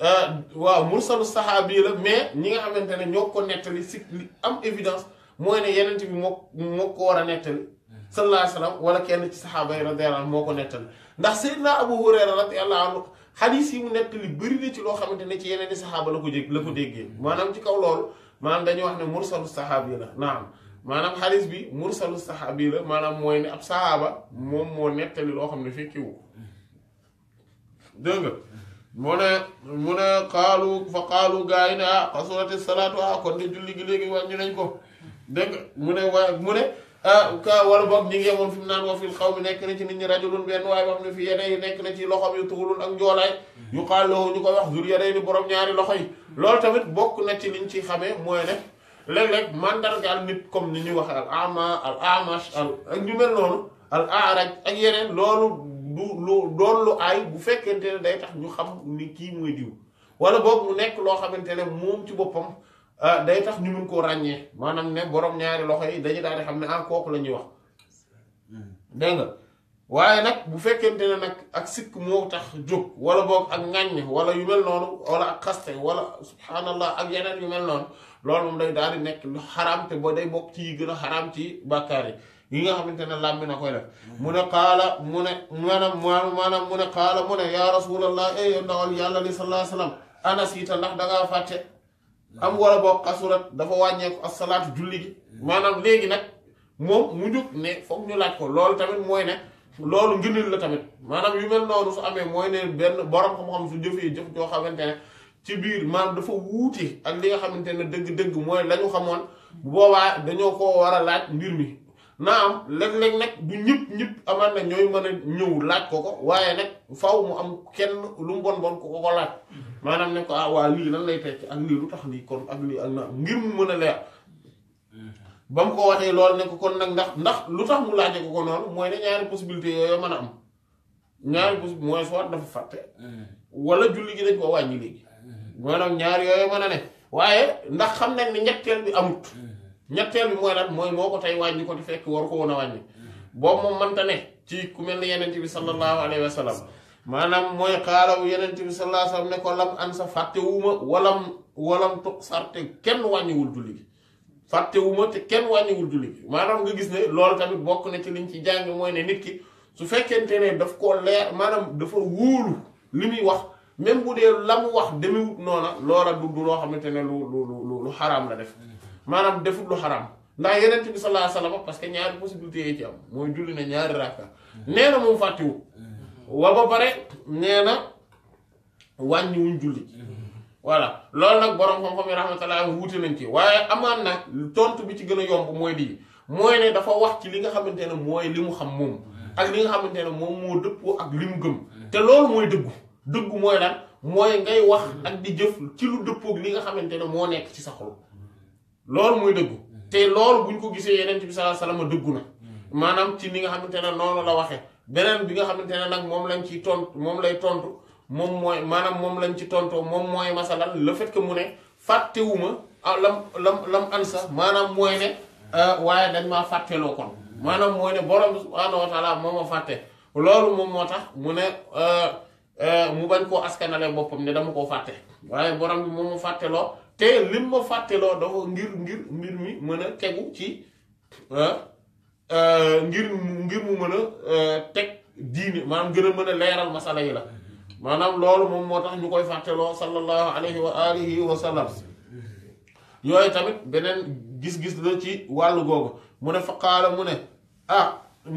Euh, waaw mursalu saxaabi la mais ñi nga xamante ne ñoo ko nettali si li am évidence mooy ne yenent bi moo moo ko war a nettali sallallahu alayhi wala kenn ci saxaaba yi radiyallahu anhu moo ko nettali ndax Seydina Abu Hurayra radiyallahu anhu xadiis yi mu nettali bëri na ci loo xamante ne ci yeneen i saxaaba la ko jég la ko déggee maanaam ci kaw loolu maanaam dañuy wax ne mursalu saxaabi la naam maanaam xadiis bi mursalu saxaabi la maanaam mooy ne ab saxaaba moom moo nettali loo xam ne fekkiwu dégg nga mu ne mu ne xaalu fa xaalu gaa yi ne ah xasurati salaatu ah kon de julli gi léegi wàññi nañ ko dégg mu ne waa mu ne ah, ka wala boog ñi ngi yemoon fi mu naan wa fil xaw mi nekk na ci nit ñi rajulun benn waaye boo xam ne fi yeneen yi nekk na ci loxom yu tuxulun ak njoolaay yu xaal loolu ñu ko wax jur yeneen ni borom ñaari loxo yi loolu tamit bokk na ci liñ ci xamee mooy ne léeg-léeg mandargaal nit comme ni ñuy waxee al ama al amash al ak ñu mel noonu al aaraj ak yeneen loolu du loo doon lu aay bu fekkente ne day tax ñu xam ni kii mooy diw wala boog mu nekk loo xamante ne moom ci boppam ah, day tax ñu mun koo ràññee maanaam ne borom ñaari loxo yi dañu daal di xam ne ah kooku la ñuy wax nga waaye nag bu fekkente ne nag ak sikk moo tax jóg wala boog ak ŋàññ wala yu mel noonu wala ak xaste wala subhaanallah ak yeneen yu mel noonu loolu moom day daal di nekk lu xaraam te ba day bokk ci yi gën a xaraam ci bàkkaar yi yi nga xamante ne làmbi na koy def mu ne qaala mu ne maanaam maanaam mu ne qaala mu ne yaa rasulallah e yow ndawal yàlla li sallallahu alayhi wa sallam anasiita ndax dangaa fàtte am wala boo xasurat dafa wàññeeku asalaatu julli gi maanaam léegi nag moom mu jóg ne foog ñu laaj ko loolu tamit mooy ne loolu ngëneel la tamit maanaam yu mel noonu su amee mooy ne benn borom xam-xam su jëfee jëf joo xamante ne ci biir maanaam dafa wuute ak li nga xamante ne dëgg-dëgg mooy lañu ñu xamoon boobaa dañoo koo war a laaj mbir mi naa am léeg-léeg nag du ñëpp ñëpp amaan na ñooy mën a ñëw laaj ko ko waaye nag faw mu am kenn lu mu bon bon ko ko laaj maanaam ne ko ah waa lii lan lay tekki ak lii lu tax lii kon ak lii ak na ngir mu mën a leer mm-hmm. mu ko waxee loolu ne ko kon nag ndax ndax lu tax mu laajee ko ko noonu mooy ne ñaari possibilité mën a am ñaari possibilité mooy soit dafa fàtte mm-hmm. wala julli gi ko wàññi léegi mm-hmm. maanaam ñaari yooyu mën a ne waaye ndax xam nañ ne ñetteel bi amut ñetteel bi mooy lan mooy moo ko tey wàññi ko fekk war ko woon a wàññi boobu moom mënta ne ci ku mel ne yenent bi sallallahu alayhi wa sallam maanaam mooy xaalaw yenent bi sallallahu alayhi wa sallam ne ko lam an sa fàttewuma walam walam tu sarte kenn wàññiwul julli gi fàttewuma te kenn wàññiwul julli maanaam nga gis ne loolu tamit bokk na ci liñ ci jàng mooy ne nit ki su fekkente ne daf koo leer maanaam dafa wóolu li muy wax même bu dee la mu wax demewut noona loola du du loo xamante ne lu lu la def maanaam defut lu xaraam ndax yeneen bi sallallahu alayhi wasallam parce que ñaari possibilité yi ci am mooy julli na ñaari raaka nee na moom fàttiwu wa ba bare nee na wàññiwuñ julli voilà loolu nag borom xam-xam yi rahmatullah nañ ci waaye amaan na tontu bi ci gën a yomb mooy lii mooy ne dafa wax ci li nga xamante ne mooy li mu xam moom ak li nga xamante ne moom moo dëppoo ak li mu gëm te loolu mooy dëggu dëggu mooy lan mooy ngay wax ak di jëf ci lu dëppoog li nga xamante ne moo nekk ci sa xol loolu mooy dëggu mm-hmm. te loolu bu ñu ko gisee yeneen bi sallallahu alayhi wasallam dëggu na mm-hmm. maanaam ci ni nga xamante ne noonu la waxee beneen bi xamante ne nag moom lañ ciy tontu moom lay tontu moom mooy maanaam moom lañ ci tontoo moom mooy masalan le fait que mu ne fàttewuma ah, lam lam lam ansa maanaam mooy ne euh, waaye dañ maa fàtteloo kon mm-hmm. maanaam mooy ne borom bi subhaanahu wa taala moo ma fàtte loolu moom moo tax mu ne euh, euh, mu bañ koo askanale boppam ne dama koo fàtte waaye borom bi moom ma fàtteloo te lim ma fàtteloo dafa ngir ngir mbir mi mën a tegu ci ah, euh, ngir ngir mu mën a euh, teg diini maanaam gën a mën a leeral masala yi la maanaam loolu moom moo tax ñu koy fàtteloo sallallahu alayhi wa alihi wa sallam yooyu tamit beneen gis-gis la ci wàllu googu mu ne faqaala mu ne ah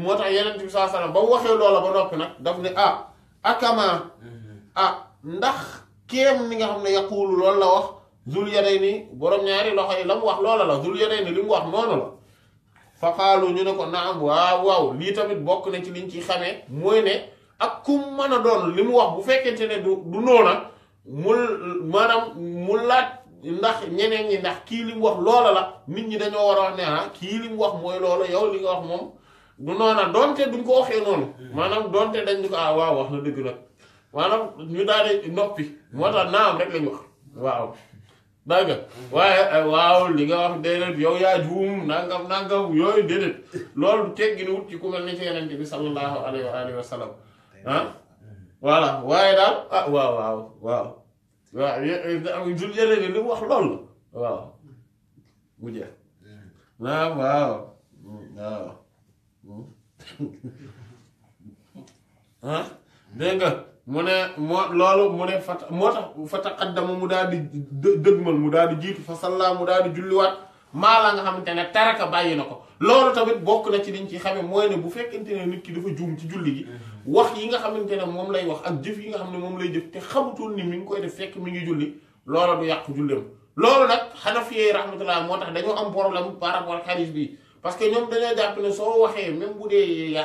moo tax yeneen bi saa sallam ba mu waxee loola ba noppi nag daf ne ah akama mm-hmm. ah ndax kéem ni nga xam ne yaqulu loolu la wax Zul nii borom ñaari loxo yi la mu wax loola la Zul Yadayni li mu wax noonu la fa ñu ne ko naa naam waaw waaw lii tamit bokk na ci liñ ci xamee mooy ne ak kum mën a doon li mu wax bu fekkente ne du du noona mu maanaam mu laaj ndax ñeneen ñi ndax kii li mu wax loola la nit ñi dañoo war a ne ah kii li mu wax mooy loola yow li nga wax moom du noona donte duñ ko waxee noonu maanaam donte dañ ñu ko ah waaw wax na dëgg nag maanaam ñu daal di noppi moo tax naam rek lañ wax dégg nga waaye eh, waaw li nga wax déedéet yow yaa juum nangam nangam yooyu déedéet loolu tegginu wut ci ku mel ni ci yenente bi sallallahu alayhi wa alihi wa ah? waaye daal ah waaw waaw waaw waaw wax loolu waaw waaw waaw ah? waaw nga mu ne moo loolu mu ne fa moo tax fa taqaddama mu daal di dëgmal mu daal di jiitu fa salla mu daal di julliwaat maa la nga xamante ne taraka bàyyi na ko loolu tamit bokk na ci liñ ci xame mooy ne bu fekkente ne nit ki dafa juum ci julli yi mm-hmm. wax yi nga xamante ne moom lay wax ak jëf yi nga xam ne moom lay jëf te xamutoon ni mi ngi koy def fekk mu ngi julli loola du yàq julleem loolu nag xanafiyee rahmatullah moo tax dañoo am problème par rapport ak bi parce que ñoom dañoo jàpp ne soo waxee même bu dee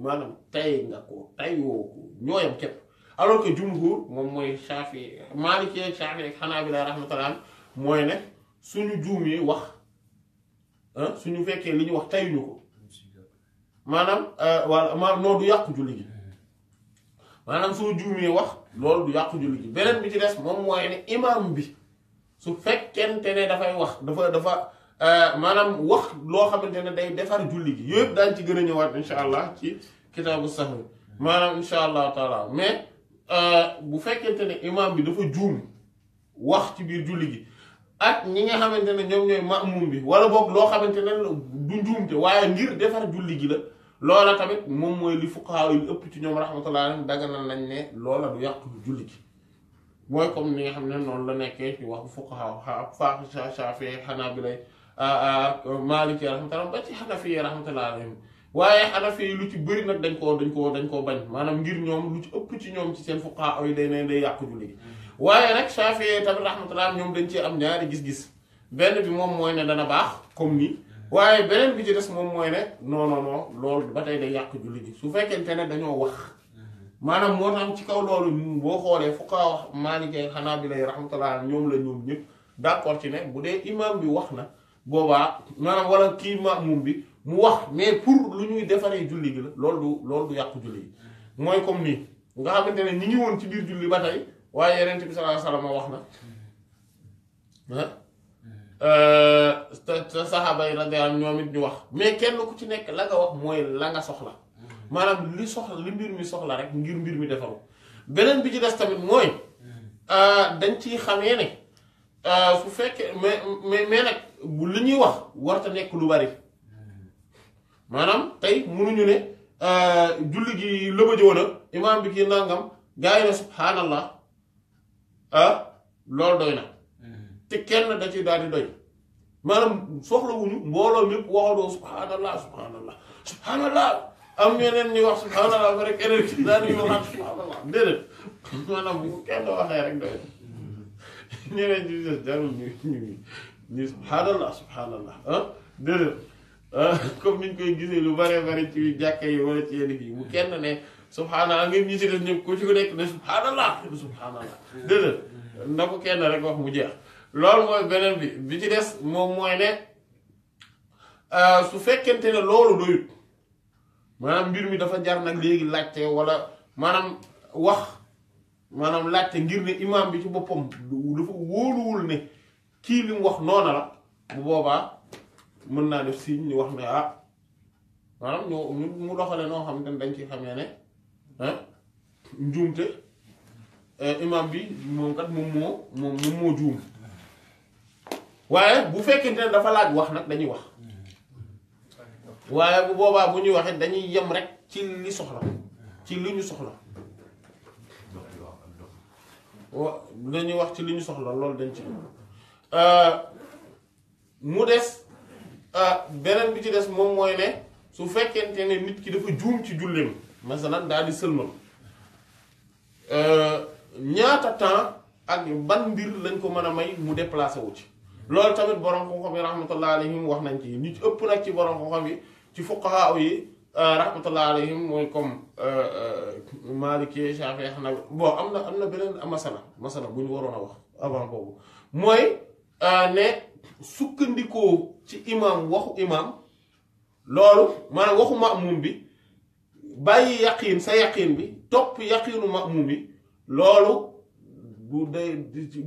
maanaam tay nga ko tayoo ko ñoo yem képp alors que moom mooy Shafi Maliki ak Shafi ak Hanabila rahmatullah mooy ne suñu juumee wax suñu fekkee li ñu wax tayuñu ko maanaam euh, wala maanaam noo du yàqu julli gi maanaam soo juumee wax loolu du yàqu julli gi beneen bi ci des moom mooy ne imam bi su fekkente ne dafay wax dafa dafa euh, maanaam wax loo xamante ne day defar julli gi yooyu yëpp daañu ci gën a ñëwaat incha allah ci kitaabu sahwi manam inshallah taala mais euh bu fekkante ne imam bi dafa djoum wax ci bir julli gi ak ñi nga xamantene ñom ñoy maamum bi wala bok lo xamantene ne du njuumte waye ngir defar julli gi la lola tamit mom moy li fuqaha yi ëpp ci ñom rahmatullahi alayhim daganal nañ ne lola du yàqu julli gi moy comme ni nga xamne non la nekké ci wax fuqaha ha faqih shafi'i xanaa a a maliki rahmatullahi ba ci Hanafi rahmatullahi waaye xanafi yi lu ci bëri nag dañ koo dañ koo dañ koo bañ maanaam ngir ñoom lu ci ëpp ci ñoom ci seen fuqahaa yi day ne day yàqu julli gi mm-hmm. waaye nag Shafi'i ñoom dañ cee am ñaari gis-gis benn bi moom mooy ne dana baax comme nii mm-hmm. waaye beneen bi ci des moom mooy ne non non non loolu ba tey day yàq julli gi su fekkente ne dañoo wax mm-hmm. maanaam moo tax ci kaw loolu boo xoolee fuqahaa Maalikee Hanaabila rahmatullah ñoom la ñoom ñëpp d'accord ci ne bu dee imaam bi wax na boobaa maanaam wala kii maamum bi. mu wax mais pour lu ñuy defaree julli gi la loolu du loolu du yàqu julli gi mooy comme nii nga xamante ne ñi ngi woon ci biir julli ba tey waaye yeneen bi sallallahu wax na euh, te saxaaba yi radiyallahu anhum ñoom it ñu wax mais kenn ku ci nekk la nga wax mooy la nga soxla maanaam li soxla li mbir mi soxla rek ngir mbir mi defaru beneen bi ci des tamit mooy euh, dañ ci xamee ne euh, su fekkee mais mais mais nag li ñuy wax warta nekk lu bari maanaam tey munuñu ne euh, julli gi lëbëjoona imaam bi kii nangam gaa yi ne subhaanallah ah loolu doy na mm-hmm. te kenn da ci daal di doy maanaam soxlawuñu mbooloo mépp waxandoo subhaanallah subhaanallah subhaanallah am ñeneen ñi wax subhaanallah ba maanaam bu kenn waxee rek doy na mm-hmm. ñeneen ñi ñu ñu subhaanallah subhaanallah ah, comme ni koy gisee lu bare bare ci jàkka yi wala ci yenn yi bu kenn ne subhanallah ngeen ñi ci def ñëpp ku ci nekk ne subhanallah subhanallah déedéet na ko kenn rek wax mu jeex loolu mooy beneen bi bi ci des moom mooy ne euh, su fekkente ne loolu doyut maanaam mbir mi dafa jar nag léegi laajte wala maanaam wax maanaam laajte ngir ne imaam bi ci boppam dafa wóoluwul ne kii li mu wax noona la bu boobaa mën naa def signe ñu wax ne ah maanaam ñu mu doxale noo xam ne dañ ci xamee ne ah njuumte eh, imam bi moom kat moom moo moom moo juum waaye bu fekkente ne dafa laaj wax nag dañuy wax waaye bu boobaa bu ñuy waxee dañuy yem rek ci li soxla ci li ñu soxla wa dañuy wax ci li ñu soxla loolu dañ ci eh, mu des Ah, beneen bi ci des moom mooy ne su fekkente ne nit ki dafa juum ci julleem masalan daal di sëlmal euh, ñaata temps ak ban mbir lañ ko mën a may mu déplacé wu ci loolu tamit borom xam-xam yi rahmatullah alayhim wax nañ ci nit ëpp nag ci borom xam-xam yi ci fuqaha yi euh, rahmatullah alayhim mooy comme euh, Maliki Shafi nag boo am na am na beneen masala masala bu ñu waroon a wax avant boobu mooy ne. sukkandikoo ci imaam waxu imaam loolu maanaam waxu maamum bi bàyyi yaqiin sa yaqiin bi topp yaqiinu maamum bi loolu bu day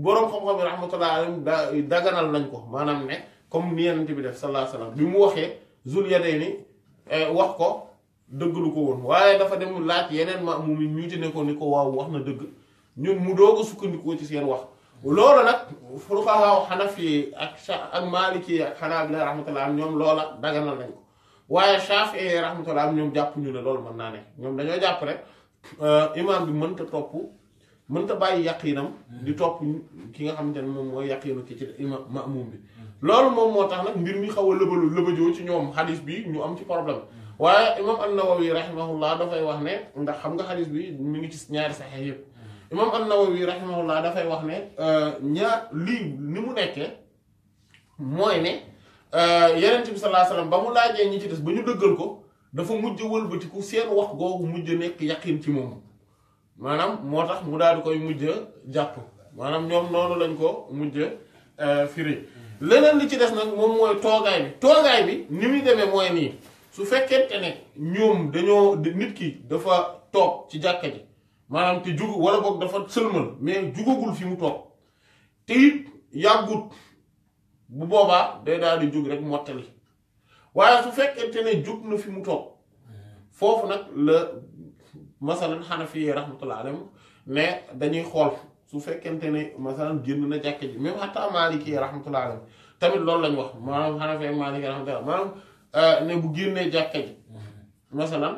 boroom xam-xam yi rahmatullahi alayhim da daganal nañ ko maanaam ne comme ni Yonent bi def sallallahu alayhi bi mu waxee Zul Yadayni eh, wax ko dëggalu ko woon waaye dafa dem laaj yeneen maamum yi ñuuti ne ko ni ko waaw wax na dëgg ñun mu doog a sukkandikoo ci seen wax loolu nag fuqahaa xanafi ak ak maaliki ak xanaabila rahmatullah am ñoom loola daganal nañ ko waaye shafii rahmatullah am ñoom jàppuñu ñu ne loolu mën naa ne ñoom dañoo jàpp rek euh, imaam bi mënta topp mënta bàyyi yaqiinam di topp ki nga xam ne moom mooy yaqiinu ki ci imaam maamum bi loolu moom moo tax nag mbir mi xaw a lëbalu lëbajoo ci ñoom xadis bi ñu am ci problème waaye imaam an-Nawawi rahimahullah dafay wax ne ndax xam nga xalis bi ñu ngi ci ñaari saxeex yëpp am imaam an-Nawawi rahimahullah dafay wax ne euh, ñaar lii ni mu nekkee mooy ne euh, yeneen bi sallallahu alayhi wasallam ba mu laajee ñi ci des ba ñu dëggal ko dafa mujj wëlbatiku seen wax googu mujj nekk yaqin ci moom maanaam moo mu daal di koy mujj jàpp maanaam ñoom noonu lañ ko mujj euh, firi leneen li ci des nag moom mooy toogaay bi toogaay bi ni muy demee mooy nii su fekkente ne ñoom dañoo nit ki dafa toog ci jàkka ji maanaam te jugu wala boog dafa sëlmal mais jugagul fi mu toog te it yàggut bu boobaa day daal di jóg rek mottali waaye su fekkente ne jug na fi mu toog foofu nag la masalan xanafi rahmatullah alayhim ne dañuy xool su fekkente ne masalan génn na jàkka ji même hatta maliki rahmatullah alayhim tamit loolu lañ wax maanaam xanafi maliki rahmatullah maanaam euh, ne bu génnee jàkka ji hmm. masalan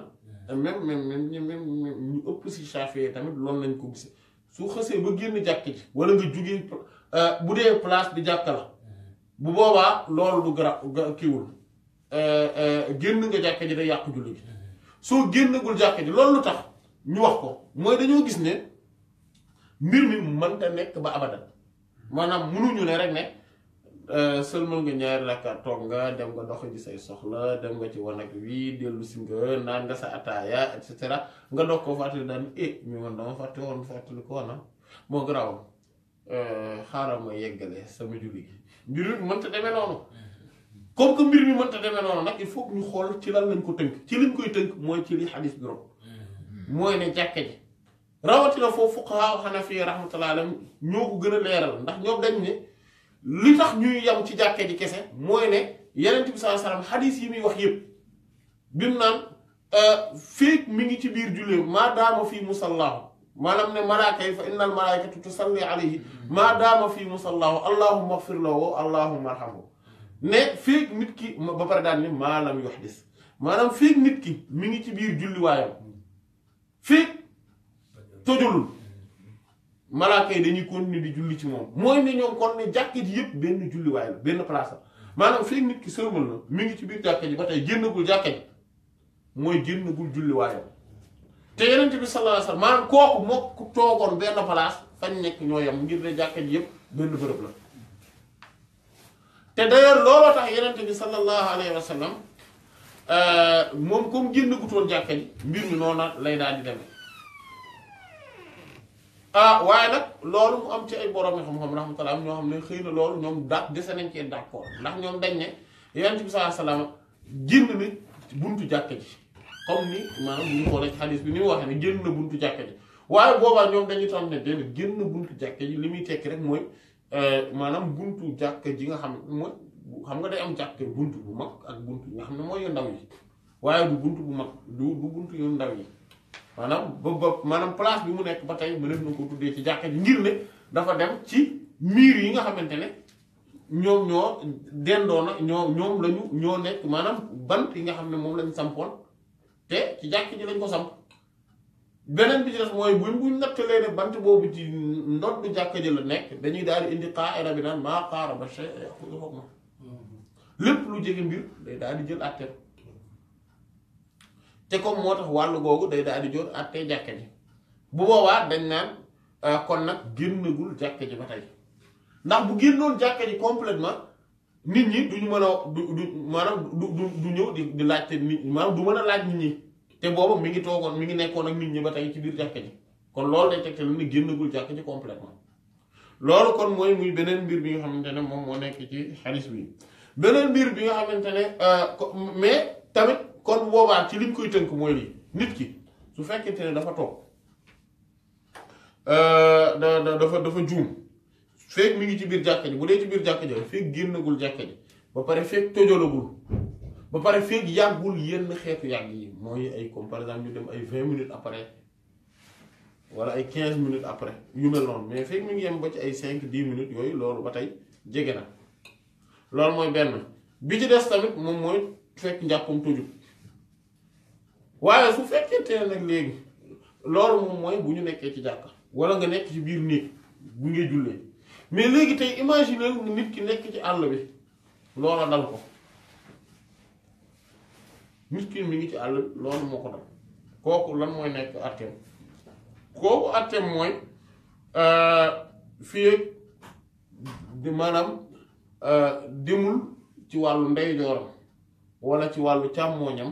même même même ñu ëpp si Chafi'i tamit loolu lañ ko gisee su xasee ba génn jàkk ji wala nga jugee euh, bu dee place di jàkka la bu boobaa loolu du garab kiiwul euh, euh, génn nga jàkk ji day yàq julli gi soo génnagul jàkk ji loolu lu tax ñu wax ko mooy dañoo gis ne mbir mi mënta nekk ba abadan maanaam mënuñu ne rek ne. Euh, sëlmal nga ñaari rakkaat toog nga dem nga dox ji say soxla dem nga ci wanag wi dellu si nga naan nga sa ataaya et cetera nga dox ko fàttali daan eh ñu dama fàtte woon fàttali ko woon moo ah. garaaw euh, xaaral ma yeggale sama julli gi mbir mi mënta demee noonu ñu xool ci lan lañ ko tënk ci liñ koy tënk mooy ci li xadis bi rob mooy ne jàkka ji rawatina foofu fuqahaa xanafi rahmatullahi alayhim ñoo ko gën a leeral ndax ñoo dañ ne li tax ñuy yam ci jàkkee di kese mooy ne yeneen bi sallallahu alayhi wasallam xadiis yi muy wax yépp bi naan euh, féeg mi ngi ci biir jullee maa daama fii musallaahu maanaam ne malaaka yi fa inna al malaikatu tusalli alayhi maa daama fii musallaahu allahumma ighfir lahu allahumma arhamhu ne féeg nit ki ba pare daan ni maa lam yuhdis maanaam féeg nit ki mi ngi ci biir julliwaayam féeg tojul malaaka yi dañuy continuer bi julli ci moom mooy ne ñoom kon ne jàkka ji yëpp benn julliwaay la benn place la maanaam fekk nit ki sërmal na mi ngi ci biir jàkka ji ba tey génnagul jàkka ji mooy génnagul julliwaayam te yeneen bi sallallahu alayhi wasallam maanaam kooku moo toogoon benn place fañ nekk ñoo yam ngir ne jàkka ji yëpp benn bërëb la te d'ailleurs a tax yeneen bi sallallahu alayhi wasallam euh, moom comme lay daan di demee. ah waaye nag loolu mu am ci ay borom xam-xam rahmatullah ñoo xam ne xëy na loolu ñoom da dese nañ cee d'accord ndax ñoom dañ ne yonent bi sallallahu alayhi wasallam génn na ji comme ni maanaam bu ñu xoolee bi ni mu waxee ne génn na buntu jàkka ji waaye ñoom dañuy tam ne déedéet génn li muy tekki rek mooy euh, maanaam buntu jàkka ji nga xam mooy xam nga day am jàkka buntu bu mag ak bunt yi nga xam ne mooy yu ndaw yi waaye du buntu bu mag du du buntu yu ndaw yi. maanaam ba ba maanaam place bi mu nekk ba tey mëneef na ko tuddee ci jàkka ji ngir ne dafa dem ci miir yi nga xamante ne ñoom ñoo dendoona ñoo ñoom lañu ñoo nekk maanaam bant yi nga xam ne moom lañ sampoon te ci jàkka ji lañ ko samp beneen bi ci des mooy buñ buñ nattalee ne bant boobu ci ndodd jàkka ji la nekk dañuy daal di indi xaaira bi naan maa xaara ba che lépp lu jege mbir day daal di jël àtteem te comme moo tax wàllu googu day daal di jóor àttee jàkka ji bu boobaa dañ naan euh, kon nag génnagul jàkka ji ba tey ndax bu génnoon jàkka ji complètement nit ñi duñu mën a du du maanaam du du ñëw di di laajte nit maanaam du mën a laaj nit ñi te booba mi ngi toogoon mi ngi nekkoon ak nit ñi ba tey ci biir jàkka ji kon loolu day tegtal ni génnagul jàkka ji complètement loolu kon mooy muy beneen mbir bi nga xamante ne moom moo nekk ci xalis bi beneen mbir nga xamante ne euh, mais tamit. kon boobaa ci liñ koy su ne dafa euh da dafa dafa vous mi ci vous ji ci tu ji ba pare fek vous ba pare fek vous yenn yag yi moy ay par exemple ñu dem ay 20 minutes après wala ay minutes après mel mais fek mi ngi ba ci ay vous 10 minutes yoy vous batay lolu vous ben bi ci des tamit waaye su fekkee ne nag léegi loolu moom mooy bu ñu nekkee ci jàkka wala nga nekk ci biir néeg bu ngay jullee mais léegi tey imaginer nit ki nekk ci àll bi loola dal ko nit ki mu ngi ci àll bi loolu moo ko dal kooku lan mooy nekk àtteem kooku àtteem mooy euh, fii maanaam euh, dimul ci wàllu ndeyjooram wala ci wàllu càmmooñam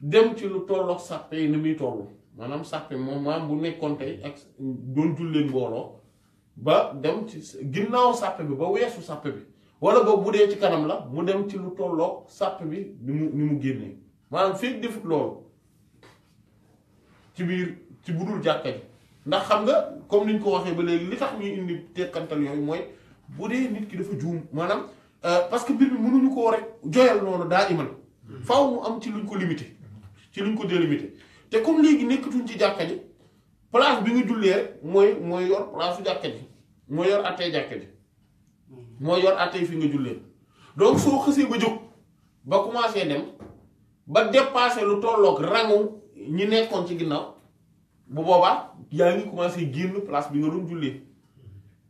dem ci lu tolloog sàppe yi ni muy toll maanaam sàppe moom maam bu nekkoon tey ak doon julleen mbooloo ba dem ci ginnaaw sàppe bi ba weesu sàppe bi wala ba bu dee ci kanam la mu dem ci lu tolloog sàppe bi ni mu ni mu génnee maanaam fii defut loolu ci biir ci budul jàkka ji ndax xam nga comme ni ko waxee ba léegi li tax ñuy indi tekkantal yooyu mooy bu dee nit ki dafa juum maanaam euh, parce que mbir bi mënuñu koo rek joyal noonu daa iman hmm. faw mu am ci luñ ko ci luñ ko délimité te comme léegi nekkatuñ ci jàkka ji place bi nga jullee mooy mooy yor place su jàkka ji mooy yor attey jàkka ji mooy yor attey fi nga jullee donc soo xësee ba jóg ba commencé dem ba dépassé lu tollook rangu ñi nekkoon ci ginnaaw bu boobaa yaa ngi commencé génn place bi nga doon jullee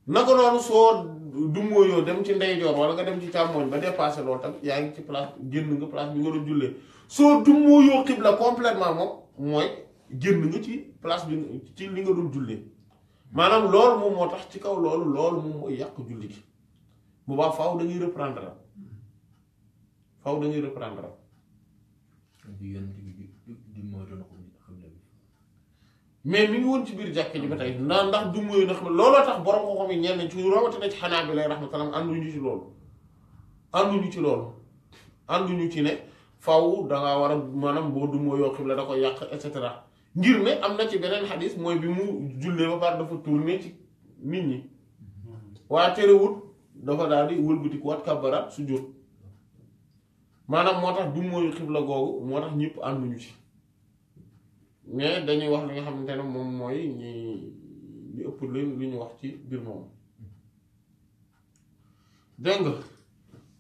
naka noonu soo du mooyoo dem ci ndeyjoor wala nga dem ci càmmoñ ba dépassé loolu tam yaa ngi ci place génn nga place bi nga doon jullee soo dummoo yoo xibla complètement moom mooy génn nga ci place bi ci li nga doon jullee maanaam loolu moom moo tax ci kaw loolu loolu moom mooy yàq julli gi bu baax faaw dañuy reprendre am dañuy reprendre am mais mi ngi woon ci biir jàkka ji ba tey ndax ndax dummóoyu na xam looloo tax borom ko xam yi nañ ci rawatina ci xanaa bi lay raxmatalam ànduñu ci loolu ànduñu ci loolu ànduñu ci ne faw dangaa war a maanaam boo du moo yoo xibla da ko yàq et cetera ngir ne am na ci beneen xadis mooy bi mu jullee ba pare dafa tourné ci nit ñi waa tere terewut dafa daal di wëlbatikuwaat kàbbaraat su jur maanaam moo tax du mooyu xibla googu moo tax ñëpp ànduñu ci mais dañuy wax li nga xamante ne moom mooy ñi ëpp lu ñu wax ci biir moom dégg nga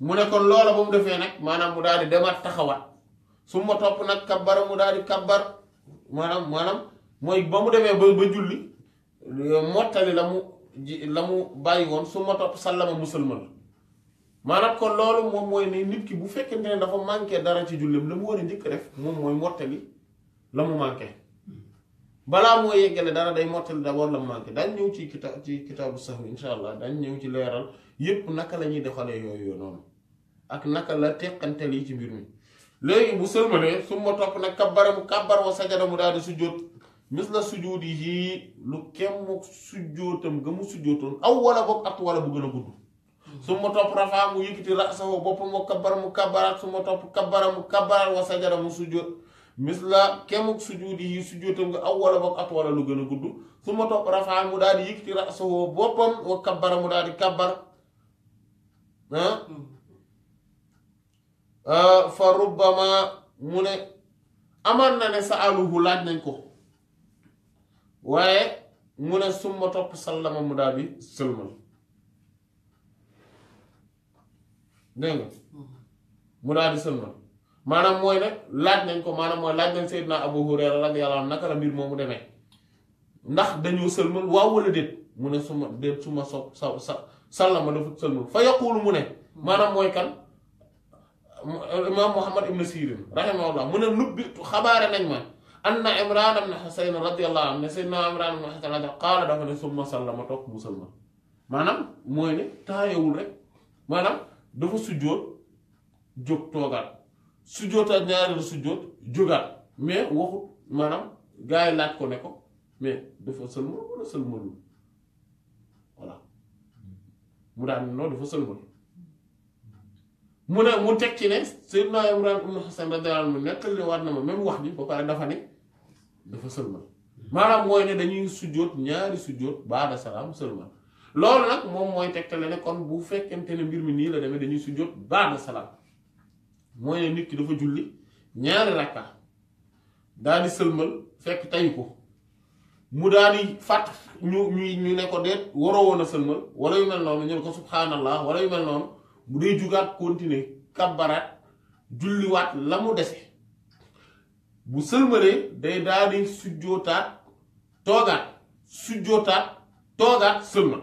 mu ne kon loola ba mu defee nag maanaam mu daal di demaat taxawaat su ma topp nag kabbara mu daal di kabbar maanaam maanaam mooy ba mu demee ba ba julli euh, mottali la mu ji la mu bàyyi woon su ma topp sallama musulman la maanaam kon loolu moom mooy ne nit ki bu fekkee fekkente ne dafa manqué dara ci jullim la mu war a njëkk def moom mooy mottali la mu manqué balaa moo yeggale dara day mottali d'abord la mu manqué dañ ñëw ci kita ci kitaabu sax bi incha allah dañ ñëw ci leeral yépp naka la ñuy doxalee yooyu noonu ak naka la teqantel yi ci mbir mi léegi bu sëlmalee su ma topp nag kabbara mu kabbar wa sajada mu daal di sujjóot mis la sujjóot yi lu kemm mu sujjóotoon aw wala wala bu gën a gudd su ma topp rafaa mu yëkkati rasahu boppam wa kabbara mu kabbaraat su ma topp kabbara mu sujjóot yi sujjóotam ga aw wala boog at wala lu gën a gudd su ma topp rafaa mu daal di yëkkati rasahu boppam wa kabbara mu daal di kabbar ah? hmm. Euh, fa rubbama mu ne amaan na ne sa aluhu laaj nañ ko waaye mu ne summa topp ma mu daal bi sëlmal dégg nga mm-hmm. mu daal di maanaam mooy nag laaj nañ ko maanaam mooy laaj nañ Seydina Abu Hurayra rek yàlla naka la mbir mu demee ndax dañoo sëlmal waaw wala déet mu ne suma déet suma so sa sa sallama dafa sëlmal fa yaqulu mu ne maanaam mooy kan imaam Muhammad ibn Sirin rahimahullah mu ne nubbitu xabaare nañ ma anna Imran ibn Husayn radiyallahu anhu ne Seydina Imran ibn Husayn qaala dafa ne summa sallama toog mu sëlma maanaam mooy ne taayewul rek maanaam dafa sujjóot jóg toogaat sujjóotaat ñaareelu sujjóot jógaat mais waxut maanaam gars laaj ko ne ko mais dafa sëlma wala mu daan ne noonu dafa sëlmal mu ne mu teg ci ne Seydina Imran ibn Hasan radiyallahu anhu nettali ne waat na ma même wax bi ba pare dafa ne dafa sëlmal maanaam mooy ne dañuy sujjóot ñaari sujjóot baada salaam sëlmal loolu nag moom mooy tegtale ne bu fekkente ne mbir mi nii la demee dañuy sujjóot baada salaam mooy ne nit ki dafa julli ñaari rakka daal di sëlmal fekk tayu ko mu daal di fàtt ñu ñu ñu ne ko deet waroo woon a sëlmal wala yu mel noonu ñu ne ko subhaanallah wala yu mel noonu bu dee jugaat continuer kabbaraat julliwaat la mu dese bu sëlmalee day daal di sujjootaat toogaat sujjootaat toogaat sëlma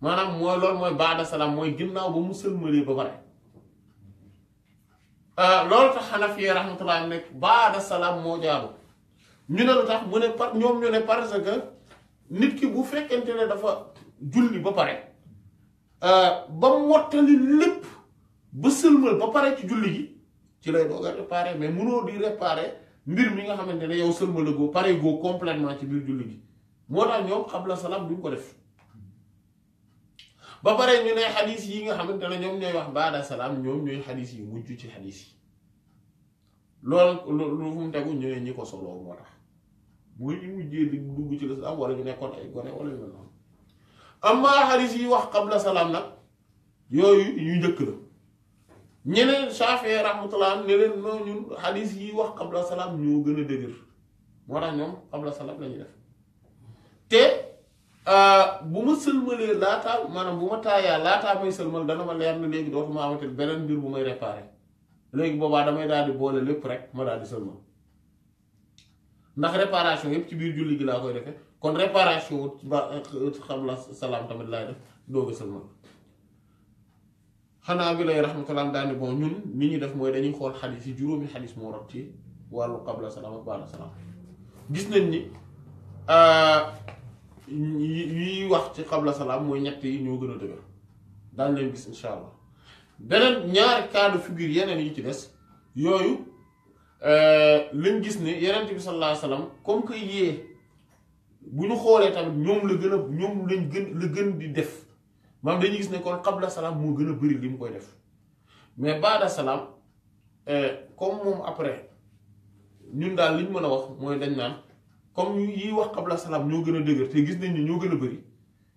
maanaam mooy loolu mooy baada salaam mooy ginnaaw ba mu sëlmalee ba pare euh, loolu tax xanafi rahmatullah nekk baada salaam moo jaaru ñu ne la tax mu ne par ñoom ñu ne parce que nit ki bu fekkente ne dafa julli ba pare Euh, ba mottali lépp ba sëlmal ba pare ci julli gi ci lay doog a réparé mais mënoo di réparé mbir mi nga xamante ne yow sëlmala goo pare goo complètement ci biir julli gi moo tax ñoom xabla salaam duñ ko def ba pare ñu ne nga xamante ne ñoom ñooy wax baada salaam ñoom ñooy xadis yi mujj ci xadis yi loolu lu fu mu tegu ñu ne ñi ko soloo moo tax muy mujjee di dugg ci lislaam wala ñu nekkoon ay gone wala ñu mel noonu am amma xaris yi wax qabla salaam nag yooyu yu njëkk la ñeneen Shaafi'i rahmatullah ne leen noo ñun xaris yi wax qabla salaam ñoo gën a dëgër moo tax ñoom qabla salaam la def te euh, bu ma sëlmalee laataa maanaam bu ma taayaa laataa may sëlmal dana ma leer na léegi dootuma amatil beneen mbir bu may réparé léegi boobaa damay daal di boole lépp rek ma daal di sëlmal ndax réparation yépp ci biir julli gi laa koy defee. kon réparation wut ba xam la salaam tamit laay def dooga sëlmal xanaa bi lay rahmatullah daani bon ñun li ñu def mooy dañuy xool xadis yi juróomi xadis moo rot ci wàllu qabla salaam ak salaam gis nañ ni euh, yiy wax ci qabla salaam mooy ñetti ñoo gën a dëgër daan leen gis insha beneen ñaari cas de figure yeneen yi ci des yooyu euh, lañ gis ne yeneen bi sallallahu alayhi wa comme que yee bu ñu xoolee tamit ñoom la gën a ñoom lañ gën la gën di def maanaam dañuy gis ne kon xabla salaam moo gën a bëri li mu koy def mais baada salaam euh, comme moom après ñun daal li ñu mën a wax mooy dañ naan comme yi wax qabla salaam ñoo gën a dëgër te gis nañ ni ñoo gën a bëri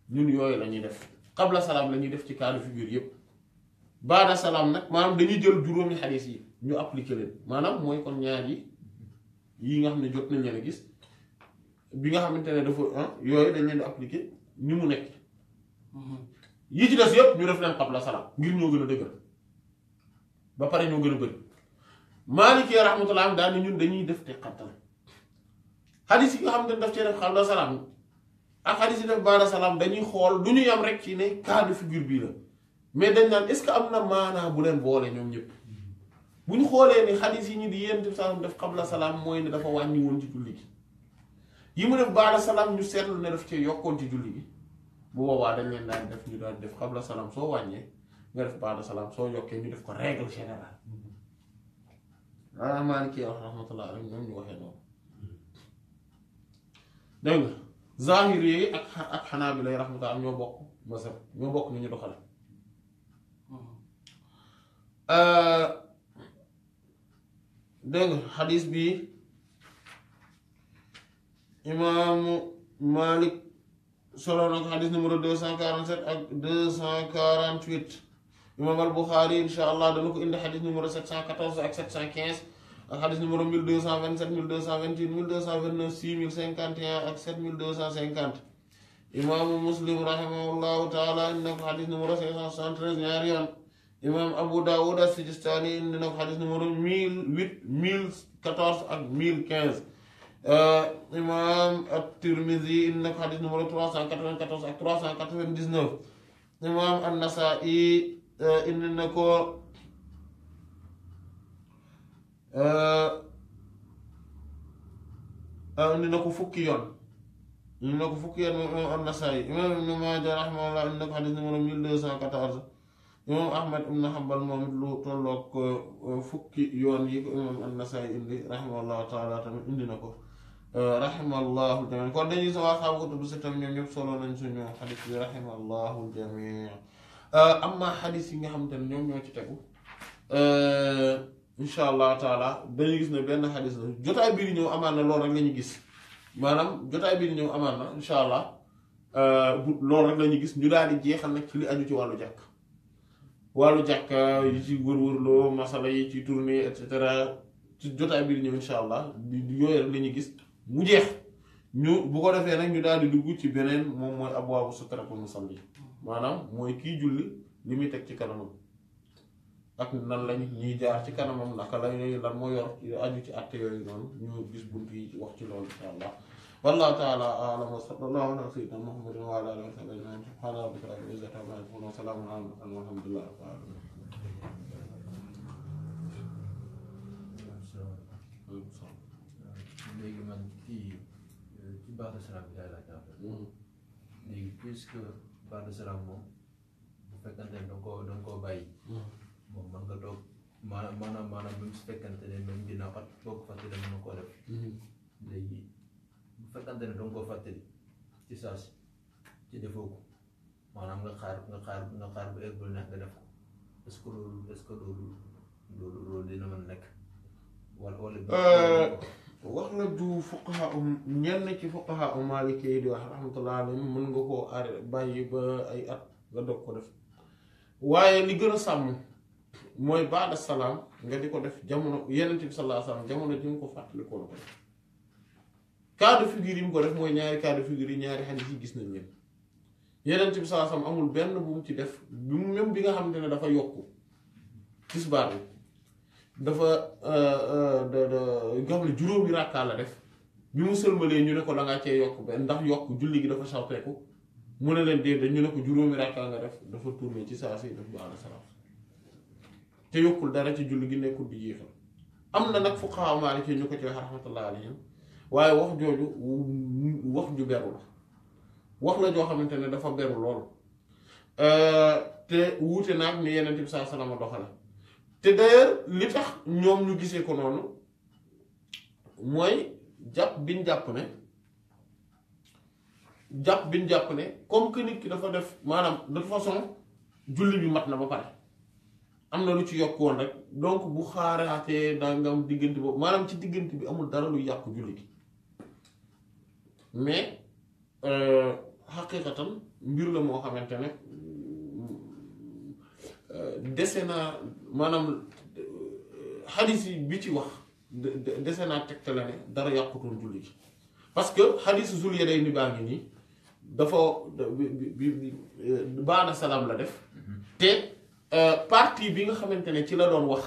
ñun yooyu lañuy def xabla salaam la ñuy def ci cas de figure yépp baada salaam nag maanaam dañuy jël juróomi xadiis yi ñu appliqué leen maanaam mooy kon ñaar yi yi nga xam ne jot nañ leen a gis. bi nga xamante ne dafa yooyu dañ leen di appliquer ni mu nekk mhm. yi ci des yëpp ñu def leen la salaam ngir ñoo gën a dëgër ba pare ñoo gën a bëri Maalik rahmatullah daal ni ñun dañuy def te xadis yi nga xamante ne daf cee def qabla salaam ak xadis yi def baada salaam dañuy xool du ñu yam rek ci ne cas de figure bii la mais dañ naan est-ce que am na maanaa bu leen boole ñoom ñëpp bu ñu xoolee ni xadis yi ñu di yéen di salaam def la salaam mooy ne dafa wàññi woon ci julli gi yi mu def baada salaam ñu seetlu na def cee yokkoon ci julli bi bu boobaa dañ leen daan def ñu daan def xabla salaam soo wàññee nga def baada salaam soo yokkee ñu def ko règle générale maanaam Maalik wax rahmatullah alayhi ñoom ñu waxee ñoo bokk masab ñoo bokk ni ñu doxale mm-hmm. euh, dégg xadiis bi imaamu Malik solo na ko xadis numéro 247 ak 248 imaam al Buxaari incha allah dana ko indi xadis numéro 714 ak 715 ak xadis numéro 1227 1228 1229 6051 ak 7250 imaamu Muslim rahimahullahu taala indi na ko xadis numéro 573 ñaari yoon imaam Abu Daawud as-Sijistaani indi na ko xadis numéro 1008 1014 ak 1015 Euh, imam at-Tirmidhi euh, indi na ko xadis numéro euh, 394 ak ah, 399 imam an-Nasa'i indi na ko indi na ko fukki yoon indi na ko fukki yoon moom imam an-Nasa'i imam ibn Maaja rahimahullah indi na ko xadis fukki yoon yi ko imam tamit indi na ko Euh, rahimallahu jamii kon dañuy sama xam ko tudd si ñoom ñëpp solo nañ suñu xadis bi rahimallahu jamii euh, am na xadis yi nga xamante ne ñoom ñoo ci tegu euh, incha allah taala dañuy gis ne benn xadis la jotaay bii ñëw amaan na loolu ñu gis maanaam jotaay bii di ñëw na incha allah bu loolu rek la gis ñu daal di jeexal nag ci li aju ci wàllu jàkk wàllu jàkk yi ci wërwërloo masala yi ci tournée et cetera ci jotaay bii di ñëw incha allah yooyu rek la gis. mu jeex ñu bu ko defee nag ñu daal di dugg ci beneen moom mooy abwaabu sutratul musalli maanaam mooy kii julli li muy teg ci kanamam ak nan lañ ñuy jaar ci kanamam naka lañ lan moo aju ci atte yooyu noonu ñu gis bunt yi wax ci loolu insha allah wallahu taala alam wa sallallahu ala sayyidina muhammadin wa ala alihi wa sahbihi subhana rabbika rabbil izzati amma yasifun wa salamun ala al mursalin walhamdulillahi rabbil alamin léegi man fii euh, ci Baara Salaam bi daal laa jàppale. léegi puisque Baara Salaam moom bu fekkante ne da koo da koo bàyyi. moom mm-hmm. man nga toog maanaam maanaam maanaam même su fekkante ne ginnaaw at boo ko mm-hmm. léegi bu fekkante ne da koo fàttali ci saa ci defoo ko maanaam nga xaar nga xaar nga xaar ba neex nga def ko est que loolu est loolu loolu loolu dina mën nekk wala wala. Euh, wax nga du fuqaha um ñenn ci fuqaha um maliki yi di wax rahmatullah alayhim mën nga koo ar bàyyi ba ay at nga dog ko def waaye li gën a sàmm mooy baada salaam nga di ko def jamono yeneen bi sallallahu alayhi jamono ji nga ko fàttalikoo ko def cas de yi mu ko def mooy ñaari cas de figure yi ñaari xadiis yi gis na ñëpp yeneen bi sallallahu alayhi amul benn bu mu ci def bi mu même bi nga xamante ne dafa yokku tisbaar bi dafa euh, euh, nga xam ne juróomi ràkkaa la def bi mu sëlmalee ñu ne ko la ngaa yokk benn ndax yokk julli gi dafa sarteeku mu ne leen déedéet ñu ne ko juróomi ràkkaa nga def dafa tourné ci saa si def baala salaam te yokkul dara ci julli gi nekkul di yéexal am na nag fu xaw a ñu ko ci wax rahmatullah alayhim waaye wax jooju wax ju beru la wax la joo xamante ne dafa beru lool euh, te wuute naag ni yeneen bi saa salaama doxale te d'ailleurs li tax ñoom ñu gisee ko noonu mooy jàpp biñ jàpp ne jàpp biñ jàpp ne comme que nit ki dafa def maanaam de toute julli bi mat na ba pare am na lu ci yokk woon rek donc bu xaaraatee daa nga am diggante boobu maanaam ci diggante bi amul dara lu yàqu julli gi mais euh, xaqiqatan mbir la moo xamante ne euh, dese naa manam xadis euh, bi ci wax desena ne dara julli parce que le zul a ngi ni dafa euh, baana salam la def te euh, partie bi nga xamantene ci la doon wax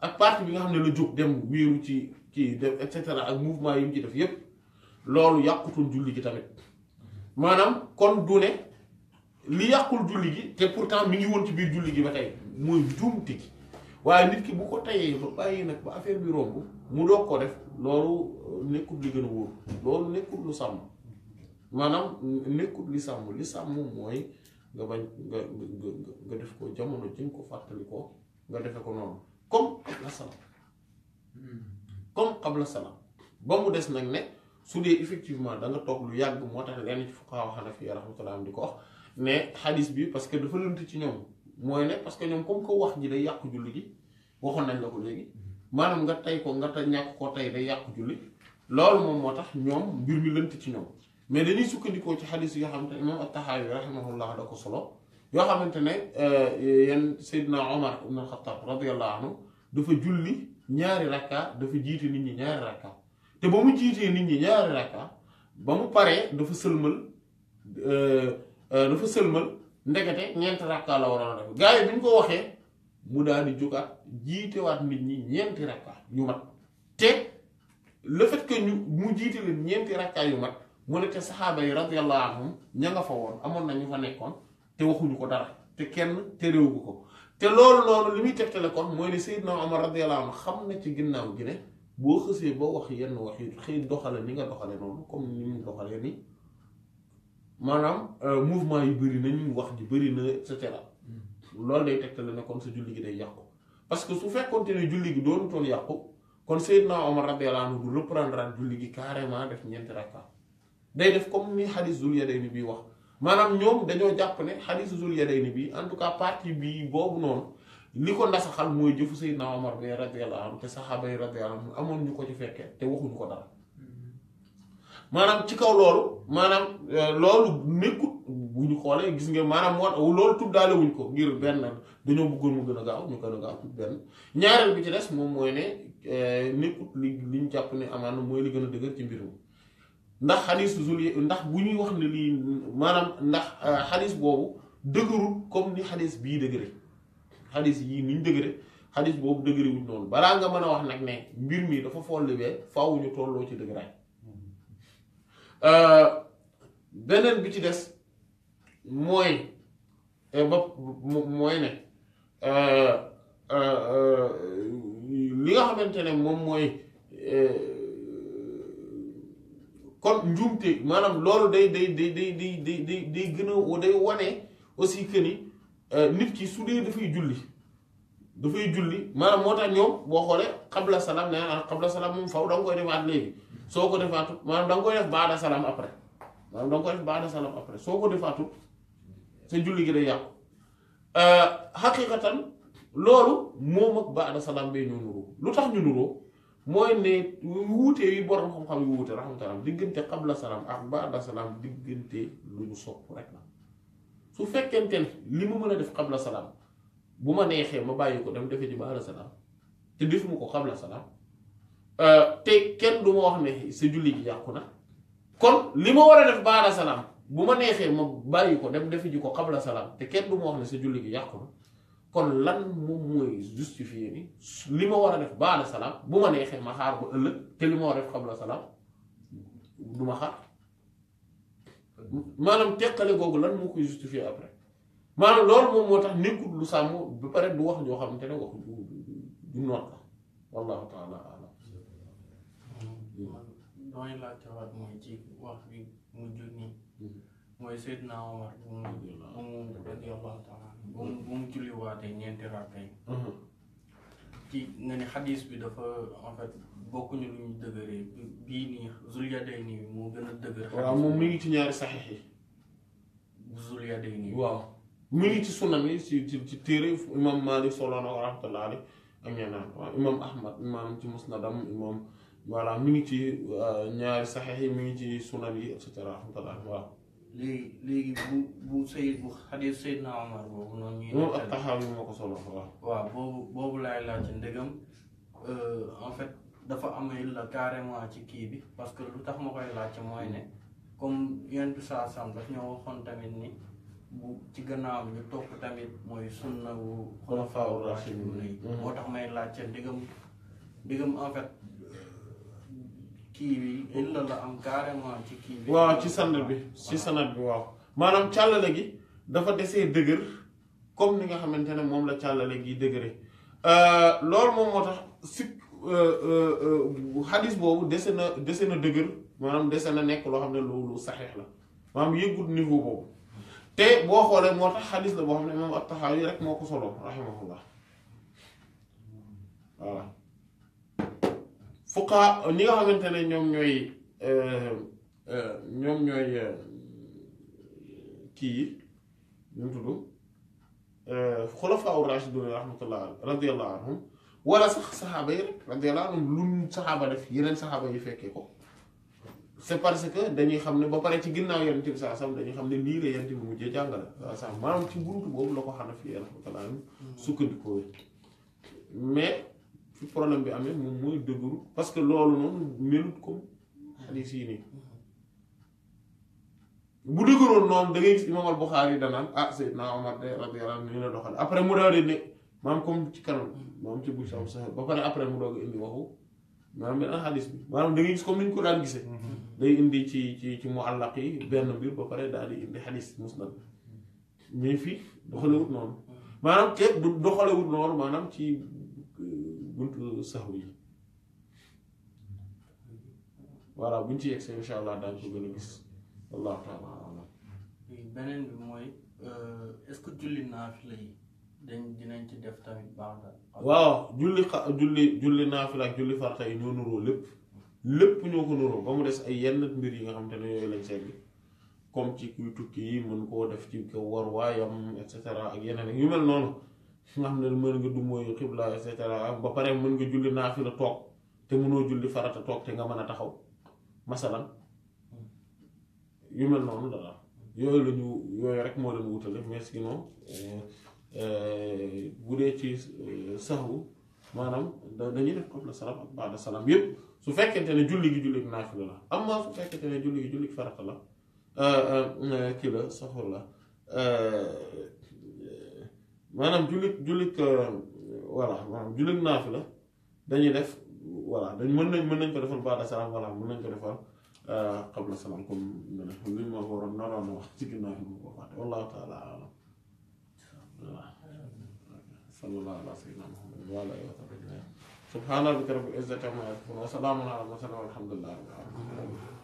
ak parti bi nga xamne juk dem wiru ci ki et cetera ak mouvement yi mu ci def yépp Madame, julli ci tamit manam kon du li julli gi pourtant mi ngi ci mooy njuumte gi waaye nit ki bu ko tayee ba bàyyi nag ba affaire bi romb mu doog ko def loolu euh, nekkul li gën a wóor loolu nekkul lu sàmm maanaam nekkul li sàmm li sàmm mooy nga bañ nga nga def ko jamono ji ko fàttali ko nga defe ko noonu comme qabla salaam comme qabla salaam ba mu des nag ne su dee effectivement da nga toog lu yàgg moo tax lenn ci fuqahaa Hanafi rahmatullah di ko wax ne xadis bi parce que dafa lënt ci ñoom. mooy ne parce que ñoom comme ko wax ji day yàqu julli gi waxoon nañ la ko léegi maanaam nga tey ko nga tey ñàkk koo tey day yàqu julli loolu moom moo tax ñoom mbir mi lënt ci ñoom mais dañuy sukkandikoo ci xadis yoo xamante ne imam at-Tahawi rahimahullah da ko solo yoo xamante ne euh, yenn Seydina Omar ibn al-Khattab radiyallahu anhu dafa julli ñaari rakka dafa jiite nit ñi ñaari rakka te ba mu jiitee nit ñi ñaari rakka ba mu paree dafa sëlmal euh, euh, dafa sëlmal ndekete ñeenti rakka la waroon a def gars yi bi ñu ko waxee mu daal di jugaat jiitewaat nit ñi ñeenti rakka yu mat te le fait ñu mu jiite leen ñeenti rakka yu mat mu ne te saxaaba yi radiyallahu anhum ña nga fa woon amoon na ñu fa nekkoon te waxuñu ko dara te kenn terewu ko ko te loolu loolu li muy tegtale kon mooy ne Seydina Omar radiyallahu anhu xam na ci ginnaaw gi ne boo xësee boo wax yenn wax yi xëy doxale ni nga doxale noonu comme ni mu doxale maanaam euh, mouvement yu bëri nañu wax ji bëri na et cetera loolu day tegtale ne kon sa julli gi day yàqu parce que su fekkoonte ne julli gi doonutoon yàqu kon Seydina Omar radiyallahu anhu du reprendre at julli gi carrément def ñeenti rakka day def comme ni xadis Zul ni bii wax maanaam ñoom dañoo jàpp ne xadis Zul ni bi en tout cas partie bii boobu noonu ni ko ndasaxal mooy jëfu Seydina Omar bi radiyallahu anhu te saxaaba yi radiyallahu amoon ñu ko ci fekkee te waxuñu ko dara. maanaam ci kaw loolu maanaam euh, loolu nekkut bu ñu xoolee gis nga maanaam moo loolu tuddaale wuñ ko ngir benn dañoo buggoon mu gën a gaaw ñu gën a gaaw benn ñaareel bi ci des moom mooy ne euh, nekkut li li ñu jàpp ne amaan mooy li gën a dëgër ci mbir ndax xadis ndax bu ñuy wax ne lii maanaam ndax euh, xadis boobu dëgërul comme ni xalis bii dëgëre xalis yii ni ñu dëgëre xadis boobu dëgërewuñ noonu balaa nga mën a wax nag ne mbir mi dafa folli bee faaw ñu tolloo ci dëgëraay Euh, beneen bi ci des mooy euh, ba mooy ne euh, li nga xamante ne moom mooy kon njuumte maanaam loolu day day day day day day day gën a day wane aussi que ni nit ki su dee dafay julli dafay julli maanaam moo tax ñoom boo xoolee xabla salaam nee naa xabla salaam moom faw da nga koy defaat léegi. soko defatu manam dang da koy def baada salam après manam dang nga koy def baada salam après soko defatu sa julli gi day euh haqiqatan lolu mom ak baada salam be ñu nuroo lutax ñu nuroo moy ne wuté yi borom xam-xam wuté rahmatullah digënté qabla salam ak baada salam digënté lu ñu sopp rek la su fekkente ne li mu mën def qabla salam buma nexé ma bayiko dem defe ci baada salam te defuma ko qabla salam Euh, te kenn du ma wax ne sa julli gi yàqu na kon li ma war a def baada salaam bu ma neexee ma bàyyi ko dem defi ji ko xabla salaam te kenn du ma wax ne sa julli gi yàqu na kon lan moom mooy justifier ni li ma war a def baada salaam bu ma neexee ma xaar ba ëllëg te li ma war a def xabla salaam du ma xaar maanaam teqale googu lan moo koy justifier après maanaam loolu moom moo tax nekkul lu sàmm ba pare du wax ñoo xamante ne wax du noot la wallahu taala damay laajte waat mooy ci wax bi mujj nii mooy Seydina Omar bu mu moom radiyallahu taala bu mu julli waatee ñeenti rakka ci nga ne xadis bi dafa en fait bokkuñu lu ñu dëgëree bii nii Zul Yadayni bi moo gën a dëgër waaw moom mi ngi ci ñaari saxiix yi Zul Yadayni waaw mi ngi ci sunan ci ci téere imam Maalik solo na ko rahmatullahi alayhi ak ñeneen waaw Ahmad imam ci musnadam imam maanaam mi ngi ci euh, ñaari saxeex yi mi ngi ci sunan yi et cetera alhamdulilah waaw. léegi léegi bu bu Seydou bu xadee Seydina Omar boobu noonu. ñuy moom euh, fait dafa amee la carrément ci kii bi parce que lu tax ma koy laaj mooy ne comme yenn saa sam daf ñoo waxoon tamit ni bu ci gannaawam ñu topp tamit mooy sunna wu xulafaa wu rashidun mm-hmm. moo tax may laaj ci ndegam ndegam kii am carrément ci waaw ci sanad bi ci sanad bi waaw maanaam càllale gi dafa desee dëgër comme ni nga xamante ne moom la càllale gi dëgëre euh, loolu moom moo tax sip euh, euh, xadis boobu dese na dese na dëgër maanaam dese na nekk loo xam ne lu saxeex la maanaam yëgul niveau boobu te boo xoolee moo tax xadis la boo xam ne moom at-Taxaawi rek moo ko solo rahimahullah voilà fuqaha ñi nga xamante ne ñoom ñooy euh, euh, ñoom ñooy euh, kii yi ñu tudd xulafaa rashidun rahmatullah radiyallahu anhum wala sax saxaaba yi rek radiyallahu anhum luñ saxaaba def yeneen saxaaba yi fekkee ko c'est parce que dañuy xam ne ba pare ci ginnaaw yonent bi saa sam dañuy xam ne lii la yonent bi mujjee jàngale saa sam maanaam ci buntu boobu la ko xanaa fi rahmatullah mm. sukkandiku mais fi problème bi amee moom mooy dëggul parce que loolu noonu melut comme xadiis yi nii bu dëgëroon noonu da ngay gis imam al Buxaari danaan ah Seydina Omar de radiyallahu anhu nii la doxal après mu daal di ne maam comme ci bu sam sax ba après mu doog a indi waxu maanaam beneen xadis bi maanaam da ngay gis comme ni ñu ko daan gisee day indi ci ci ci mu àllaq yi benn mbir ba pare daal di indi xadis musnad mais fii doxalewut noonu maanaam te doxalewut noonu maanaam ci buntu saxu yi voilà buñ ci yegsee incha allah daañu ko gën a gis wallahu taala alam beneen bi mooy euh, est-ce que julli naafila yi dañ dinañ ci def tamit baax waaw julli xa julli julli naafila ak julli farata yi ñoo nuroo lépp lépp ñoo ko nuroo ba mu des ay yenn mbir yi nga xam te ne yooyu lañ segg comme ci kuy tukki yi mën koo def ci ko war waayam et cetera ak yeneen yu mel noonu nga xam ne mën nga du mooy et cetera ba pare mën nga julli naafila toog te mënoo julli farata toog te nga mën a taxaw masalan yu mel noonu dara yooyu la yooyu rek moo leen wutale mais sinon eh, eh, bu dee ci eh, saxu maanaam dañuy def qabla salaam ak baada salaam yépp su fekkente ne julli gi julli naafila la amma su fekkente ne julli gi julli farata la kii la la maanaam jullit jullit euh, voilà maanaam jullit naafila dañuy def voilà dañ mën nañ mën nañ ko defal baada salaam voilà mën nañ ko defal euh, qabla salaam li ma waroon naroon wax ci ginnaaw bi ma ko waxaat wallahu taala alam sallallahu ala sayyidina muhammad wa ala alihi wa sahbihi subhaana rabbika rabbil izzati amma yasifun wa salaamun ala al mursalin walhamdulillahi rabbil alamin